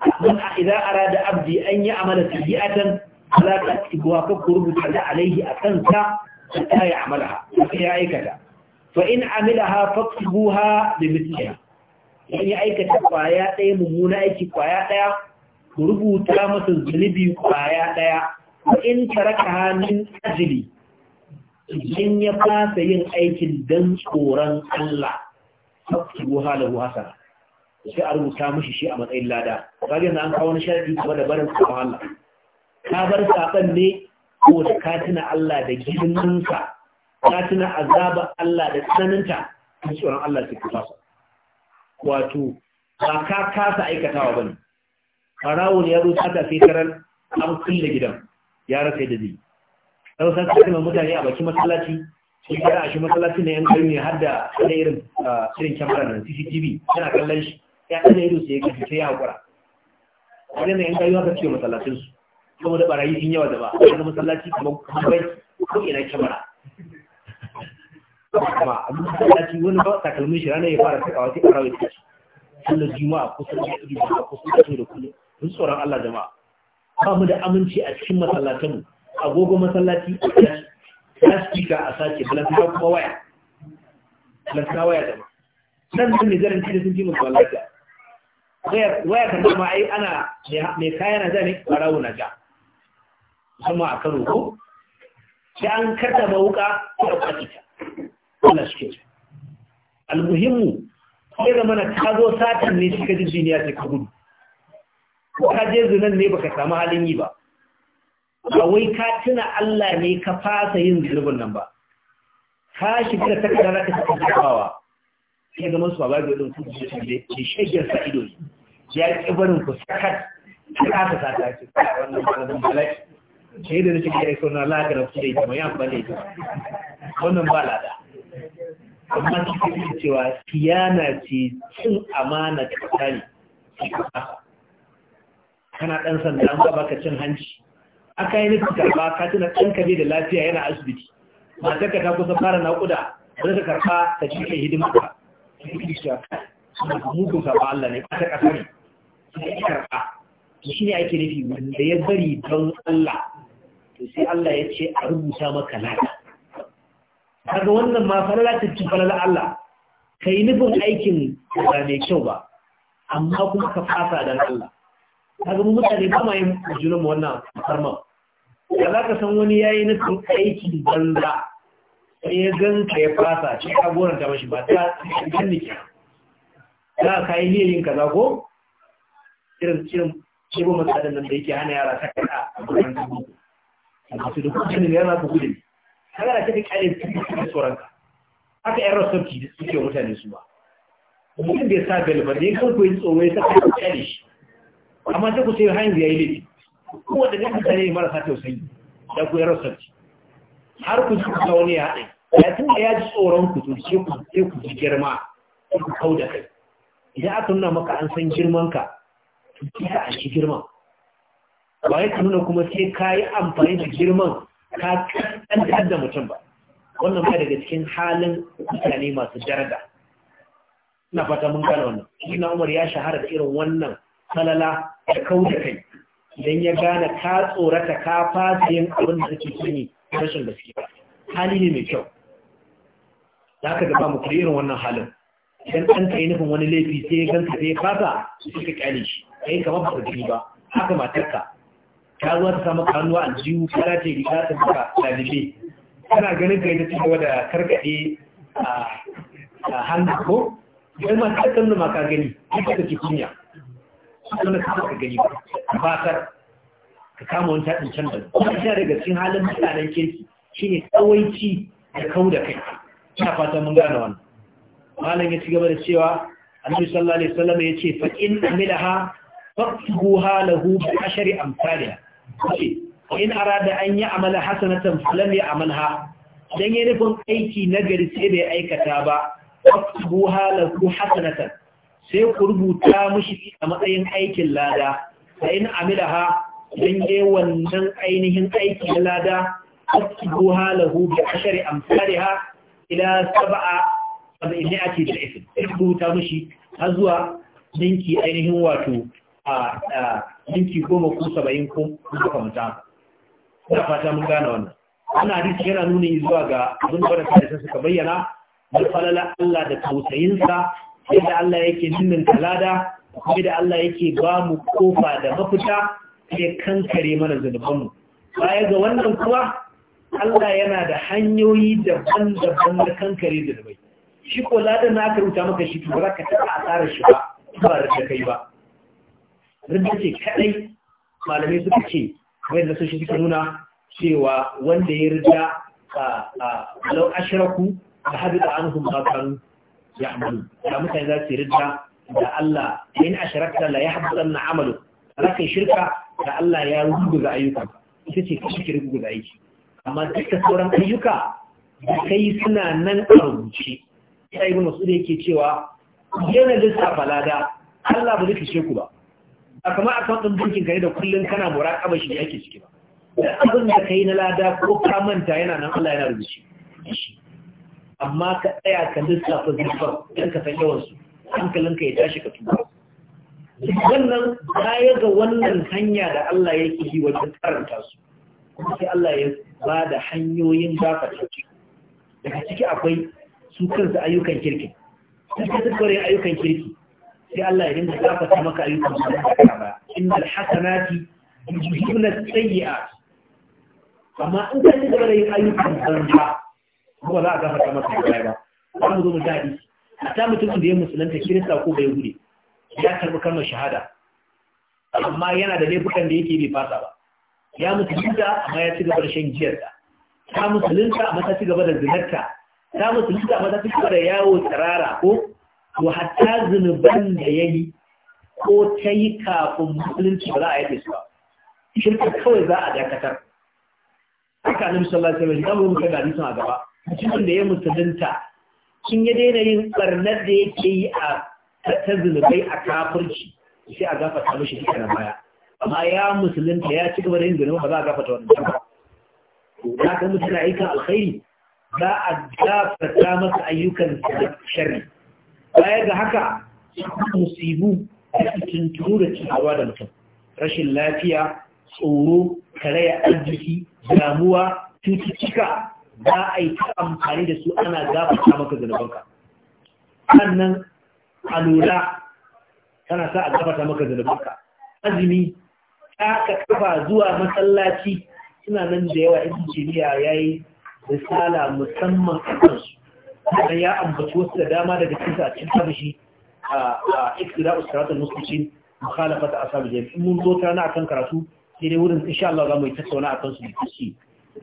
a nan a idan ara da abdi an yi amala tabi'atan za ta tiguwa ka rubuta da alaihi a kansa ta yi amala ta ya aikata fa in amilaha faktubuha da mutiya, in yi aikata kwaya ɗaya mummuna aiki kwaya ɗaya ku rubuta masa zunubi kwaya ɗaya in taraka hannun ajili in ya fasa yin aikin don tsoron Allah sabtu da hasana sai a rubuta mashi shi a matsayin lada kage na an kawo na sharadi kuma da barin sa Allah ka bar saɓan ne ko da ka tuna Allah da girminsa ka tuna azaba Allah da tsananta ta tsoron Allah su fi fasa wato ba ka kasa aikatawa ba ne. farawun ya zo sata sai tarar an kulle gidan ya rasa yadda zai sau sa ta kama mutane a bakin masallaci shi kada a shi masallaci na yan kai ne har da wani irin irin kyamara na cctv yana kallon shi ya ɗaga ido sai ya kashi sai ya haƙura wani na yan kai ya kace masallacin su kuma da barayi sun yawa da ba wani masallaci kuma kamar bai ko ina kyamara kuma a masallaci wani ba takalmin shi ranar ya fara sakawa sai ɓarawa ya tashi sallar juma'a kusan da kudu da kusan da kudu mun tsoron Allah jama'a ba mu da aminci a cikin masallatan mu agogo masallaci a kan lastika a sake balanta kuma waya balanta waya jama'a nan nan ne zaran cikin sun ji mu wallahi waya waya kan dama ai ana mai kaya na zane ne barawo na ja musamman a Kano ko sai an karta mawuka ko kwaci ta Allah shi ke almuhimmu sai ga mana ta zo satan ne shi ka ji duniya sai ka gudu ko ka je zinan ne baka samu halin yi ba ba wai ka tuna Allah ne ka fasa yin zunubin nan ba ka shiga da takardar ka ta kafawa sai ga masu babaji wadin su ji su ne ke shaggiyar sa ido ne ya ƙi barin ku sakat ta kasa sa ta ce wannan malamin malaki sai da nake da iso na lagara su da ita mai amfani da wannan ba lada amma cikin cewa siyana ce cin amana ta kasari a kasa kana ɗan sanda an ba ka cin hanci Akayi yi nufin karɓa ka tuna ɗan kabe da lafiya yana asibiti matarka ta kusa fara naƙuda ba ta karɓa ta ci kai hidima ka suna mugun karɓa Allah ne ta ƙasa ne suna yi karɓa shi ne ake nufi wanda ya bari don Allah to sai Allah ya ce a rubuta maka lada Daga wannan ma falala ta ci falala Allah yi nufin aikin da mai kyau ba amma kuma ka fasa don Allah kaga mu mutane ba ma yin junan mu wannan karma da za ka san wani yayi nufin aiki banza sai ya ganka ya fasa shi ka ta mashi ba ta cikin niki za ka yi niyyar yin kaza ko irin irin shigo matsadan nan da yake hana yara ta kaɗa a gurin dubu a kasu da kuɗin ne yana ku gudun kaga da kake kare cikin da tsoronka haka yan rasarki da suke mutane su ba mutum da ya sa belba da ya kan koyi tsoro ya sa kare shi amma sai ku ce har da ya yi laifi kuma da mutane mara marasa tausayi da ku yaro sarki har ku ji kusa wani ya haɗe ya tun da ya ji tsoron ku to sai ku sai ku ji girma sai ku kau da kai idan aka nuna maka an san girman ka to ka a shi girman ba ya nuna kuma sai ka yi amfani da girman ka kankantar da mutum ba wannan ba daga cikin halin mutane masu daraja ina fata mun gane wannan ina umar ya shahara da irin wannan falala da kauda kai idan ya gane ka tsorata ka fasa yin abin da suke sani rashin gaskiya. hali ne mai kyau za ka gaba mu irin wannan halin idan an ka yi nufin wani laifi sai ya ganta sai fasa su suka kyale shi kai kamar ba jini ba haka matarka ta zuwa ta samu kanuwa a jiwu kara ce riga ta buka lalibe kana ganin kai ta ci da karkaɗe a hannu ko ta matarkan numa ka gani duk da ke kunya Ka kama ka gani ba bakar ka kama wani taɗin can da kuma ina daga cikin halin mutanen kirki shine tsawaici da kau da kai ina fata mun gane wannan malam ya ci gaba da cewa annabi sallallahu alaihi wasallam ya ce fa in amilaha faqtuha lahu bi ashri amsalha ce in arada an yi amala hasanatan falam ya amalha dan yayin nufin aiki nagari sai bai aikata ba faqtuha lahu hasanatan sai ku rubuta mushi a matsayin aikin lada fa in ha don yi wannan ainihin aikin lada a asbuha lahu bi ashari ha ila sab'a sab'ati da'if rubuta mushi har zuwa dinki ainihin wato a dinki goma ko saba'in ko kuka mata da fata mun gane wannan ana hadisi yana nuni zuwa ga abin da suka bayyana da falala Allah da tausayinsa yadda Allah yake lada, kalada da Allah yake ba mu kofa da mafita ya kankare mana zunubanmu baya ga wannan kuwa, Allah yana da hanyoyi daban-daban na kankare zunubai shi ko ladan na aka rubuta maka shi za ka a tsara shi ba ba da kai ba rinda ce kaɗai malamai suka ce bai sun shi suka nuna cewa wanda ya rida a lau ashiraku da haɗu da an hun Ya amalu da mutane za su yi ridda da Allah in ashrakta la yahbatanna amalu za ka shirka da Allah ya rubuta ayyuka ita ce ka shirka rubuta aiki amma duka sauran ayyuka da kai suna nan a rubuce sai ibn mas'ud yake cewa yana lissafa lada Allah ba zai fice ku ba a kama a kan ɗin ka yi da kullum kana muraƙaba shi da ake ciki ba da abin da ka yi na lada ko ka manta yana nan Allah yana rubuce shi amma ka tsaya ka lissafa zuwa don ka san yawansu hankalinka ya tashi ka tuba wannan baya ga wannan hanya da Allah ya ke yi wajen karanta su kuma sai Allah ya ba da hanyoyin gafarta daga ciki akwai su kansu ayyukan kirki suka tukwarin ayyukan kirki sai Allah ya dinga gafarta maka ayyukan su da ka ba innal hasanati yujibna sayyi'at amma in ka ci da yin ayyukan banza kuma za a ta masa da baya ba ba mu zo mu daɗi a ta mutumin da ya musulunta kirista ko bai hude ya karɓi kalmar shahada amma yana da laifukan da yake bai fasa ba ya musulunta amma ya ci gaba da shan giyarta ta musulunta amma ta ci gaba da zinarta ta musulunta amma ta ci gaba da yawo tsirara ko to hatta zunuban da ya yi ko ta yi kafin musulunci ba za a da su ba shirka kawai za a dakatar haka annabi sallallahu alaihi wasallam ya mu muka da hadisin a gaba mutumin da ya musulunta kin ya daina yin barnar da yake yi a ta zunubai a kafirci sai a gafata mishi duka na baya amma ya musulunta ya ci gaba da yin zunubi ba za a gafata wannan ba za ka mutu na aikin alkhairi za a gafata masa ayyukan sharri baya ga haka musibu da tuntunu da cikawa da mutum rashin lafiya tsoro karaya arziki damuwa cututtuka za a yi ta amfani da su ana gafata maka zunubanka sannan lura tana sa a gafata maka zunubanka azumi ka kafa zuwa masallaci suna nan da yawa ibn ya yi risala musamman a kansu sannan ya ambaci wasu da dama daga cikin a cikin tabishi a iktida muskucin muslimin a ashabi jami'in mun zo ta na akan karatu sai dai wurin insha Allah za mu yi tattauna akan su da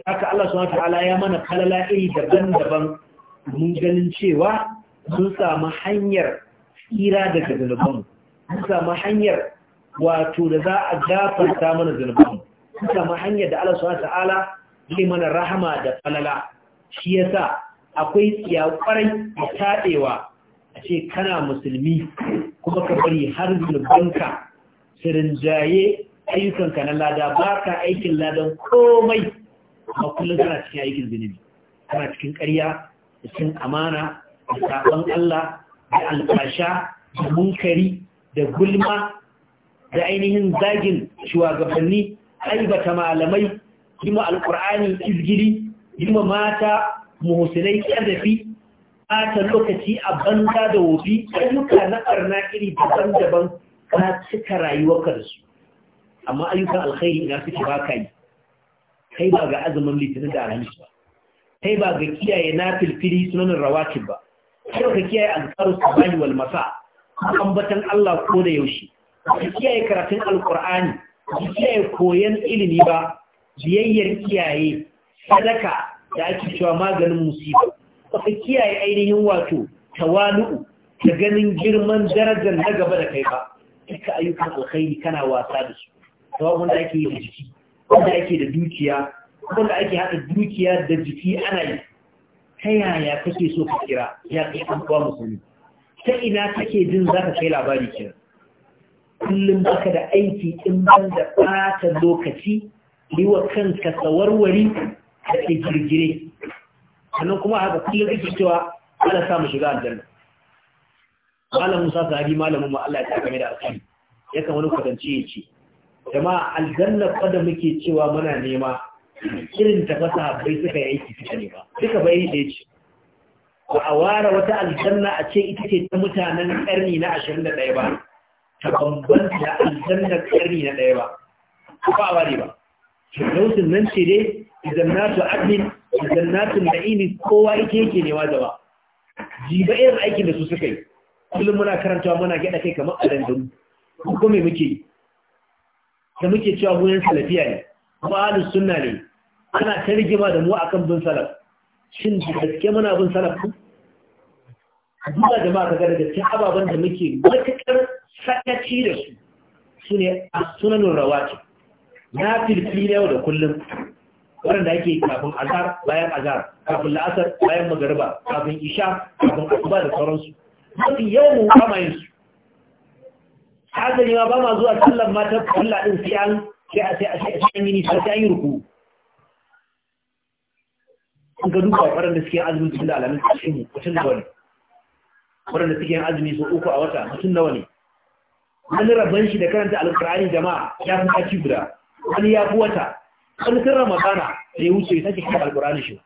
haka Allah ta'ala ya mana kalala iri daban-daban mun ganin cewa sun samu hanyar tsira daga zanubanmu Sun samu hanyar wato da za a gafarta mana zanubanmu Sun samu hanyar da Allah subhanahu ta'ala zai mana rahama da falala shi yasa akwai tsiyakwarai kwarai da taɗewa a ce kana musulmi kuma ka bari har zunubanka sirinjaye ayyukanka na lada ba ka aikin ladan komai amma kullum kana cikin aikin zunubi tana cikin ƙarya da cin amana da sabon Allah da alfasha da munkari da gulma da ainihin zagin shugabanni aibata malamai yima alkur'ani izgiri yima mata muhusinai ƙarfi ɓata lokaci a banza da wofi ayyuka na ɓarna iri daban-daban ka cika rayuwarka da su amma ayyukan alkhairi ina suke ba ka yi kai ba ga azumin litinin da alhamis ba kai ba ga kiyaye na filfili sunanin rawatib ba kai ka kiyaye azkarus sabahi wal masa ambatan Allah ko da yaushe ka kiyaye karatun alqur'ani ka kiyaye koyan ilimi ba biyayyar kiyaye sadaka da ake cewa maganin musiba ka kiyaye ainihin wato tawalu da ganin girman darajar na gaba da kai ba duka ayyukan alkhairi kana wasa da su tawabun da ake yi da jiki wanda ake da dukiya wanda ake haɗa dukiya da jiki ana yi ta yaya kake so ka kira ya kai an kuwa musulmi ta ina kake jin za ka kai labari kira kullum baka da aiki in ban da ɓata lokaci yi wa kanka tsawarwari da ke girgire sannan kuma haka kullum ake cewa ana samu shiga aljanna malam musa sahabi malamin mu Allah ya ta game da alƙali yakan wani kwatance ya ce jama'a aljanna fa da muke cewa muna nema irin ta fasa bai suka yi aiki suka ba. duka bai da ce ko a ware wata aljanna a ce ita ce ta mutanen ƙarni na ashirin da ɗaya ba ta bambanta da aljanna karni na ɗaya. ba ba a ba firdausin nan ce dai jannatu adnin jannatu na'imi kowa ita yake nema gaba jiba irin aikin da su suka yi kullum muna karantawa muna gyada kai kamar a dandun ko me muke yi da muke cewa goyon salafiya ne kuma ahlus sunna ne ana ta rigima da mu akan bin salaf shin da gaske muna bin salaf duka jama'a ka ga da cikin ababen da muke matukar sakaci da su su ne a sunanin rawati na filfili na yau da kullum waɗanda ake kafin azar bayan azar kafin la'asar bayan magariba kafin isha kafin asuba da sauransu mafi yawan mu kama su hazari ma ba ma zuwa sallan mata sallah din sai an sai an yi ni sai an yi ruku an ga duba da suke azumin tun da alamun cikin mu mutum nawa ne da suke azumi sau uku a wata mutum nawa ne wani rabban shi da karanta alƙur'ani jama'a ya fi kaci guda wani ya fi wata wani sun ramadana da ya wuce sake kan alƙur'ani shi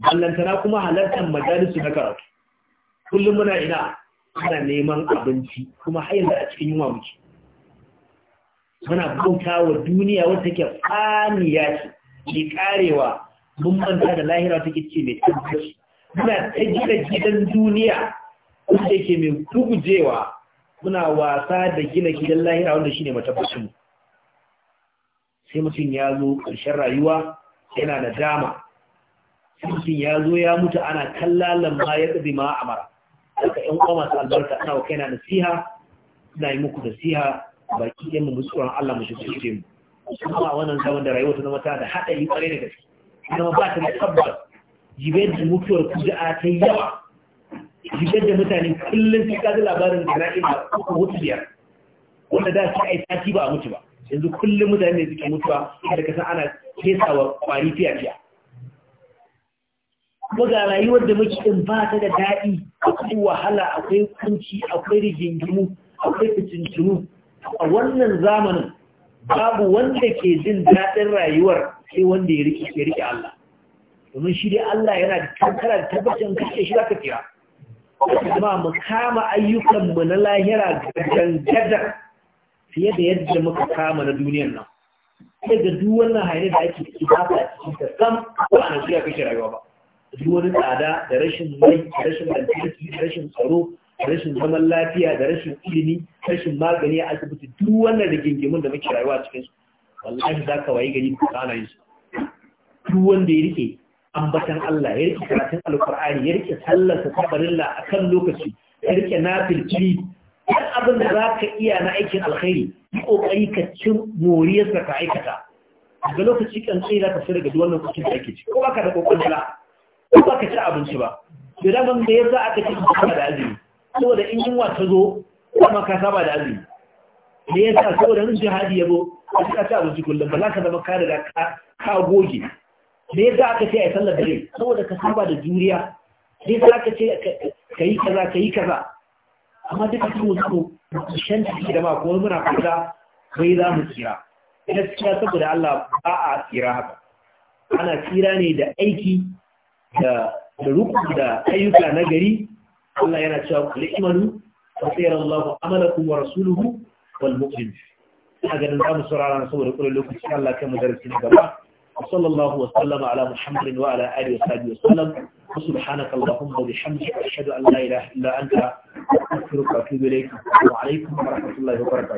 ballantana kuma halartar majalisu na karatu kullum muna ina ana neman abinci kuma har yanzu a cikin yunwa muke muna bauta wa duniya wadda take ya ce ke karewa mun manta da lahira take ce mai tabbaci muna ta gina gidan duniya wanda ke mai gugujewa muna wasa da gina gidan lahira wanda shi ne matabbacin sai mutum ya zo ƙarshen rayuwa yana da dama sai mutum ya zo ya mutu ana kallalan ma ya tsibi ma amara haka 'yan uwa masu albarka ina wa kaina nasiha ina yi muku nasiha baki ɗin mu musuwan Allah mu shirye shirye mu kuma wannan zaman da rayuwa ta zama ta da haɗa yi ƙwarai da gaske kuma ba ta da tabbas jibe da mutuwar kuja'a ta yawa jibe da mutane kullum sai ka ji labarin jana'iza uku hutu biyar wanda da su ai sati ba a mutu ba yanzu kullum mutane ne suke mutuwa da kasan ana fesawa kwari fiya fiya kuma ga rayuwar da muke in ba ta da daɗi akwai wahala akwai kunci akwai rigingimu akwai fitintunu a wannan zamanin babu wanda ke jin daɗin rayuwar sai wanda ya rike Allah domin shi dai Allah yana da kankara da tabbacin kashe shi zaka tsira kuma mu kama ayyukan mu na lahira gangadar fiye da yadda muka kama na duniyar nan sai ga duk wannan haire da ake ciki ba ta cikin sam ko an nan ka kashe rayuwa ba duk wani tsada da rashin mai da rashin lantarki da rashin tsaro da rashin zaman lafiya da rashin ilimi rashin magani a asibiti duk wannan rigingimin da muke rayuwa cikin su wallahi za ka wayi gari ka kana yin su duk wanda ya rike ambatan Allah ya rike karatun alkur'ani ya rike sallar sa tabarilla akan lokaci ya rike nafilci duk abin da za ka iya na aikin alkhairi yi kokari ka cin moriyarsa ka aikata daga lokaci kan tsaye za ka sai daga duk wannan kucin da ake ci ko baka da kokonta ko ba ka ci abinci ba to da ban da yasa aka ci ba da azumi saboda in yunwa ta zo kuma ka saba da azumi me yasa saboda in jihadi ya zo a ci ci abinci kullum ba za ka zama ka da ka goge me yasa aka ce a sallar dare saboda ka saba da juriya me yasa aka ce ka yi kaza ka yi kaza amma duka sun wasu shan ciki da ba kuma muna fata bai za mu tsira gaskiya saboda Allah ba a tsira haka ana tsira ne da aiki da ruku da ayyuka na gari Allah yana cewa kulli imanu wa sayyara Allahu amalakum wa rasuluhu wal mu'min ina ganin zamu saurara saboda kullun lokaci Allah kai mu darasi na gaba وصلى الله wa على محمد وعلى آله وصحبه وسلم وسبحانك اللهم وبحمدك أشهد أن لا إله إلا أنت أستغفرك وأتوب إليك السلام عليكم ورحمة الله وبركاته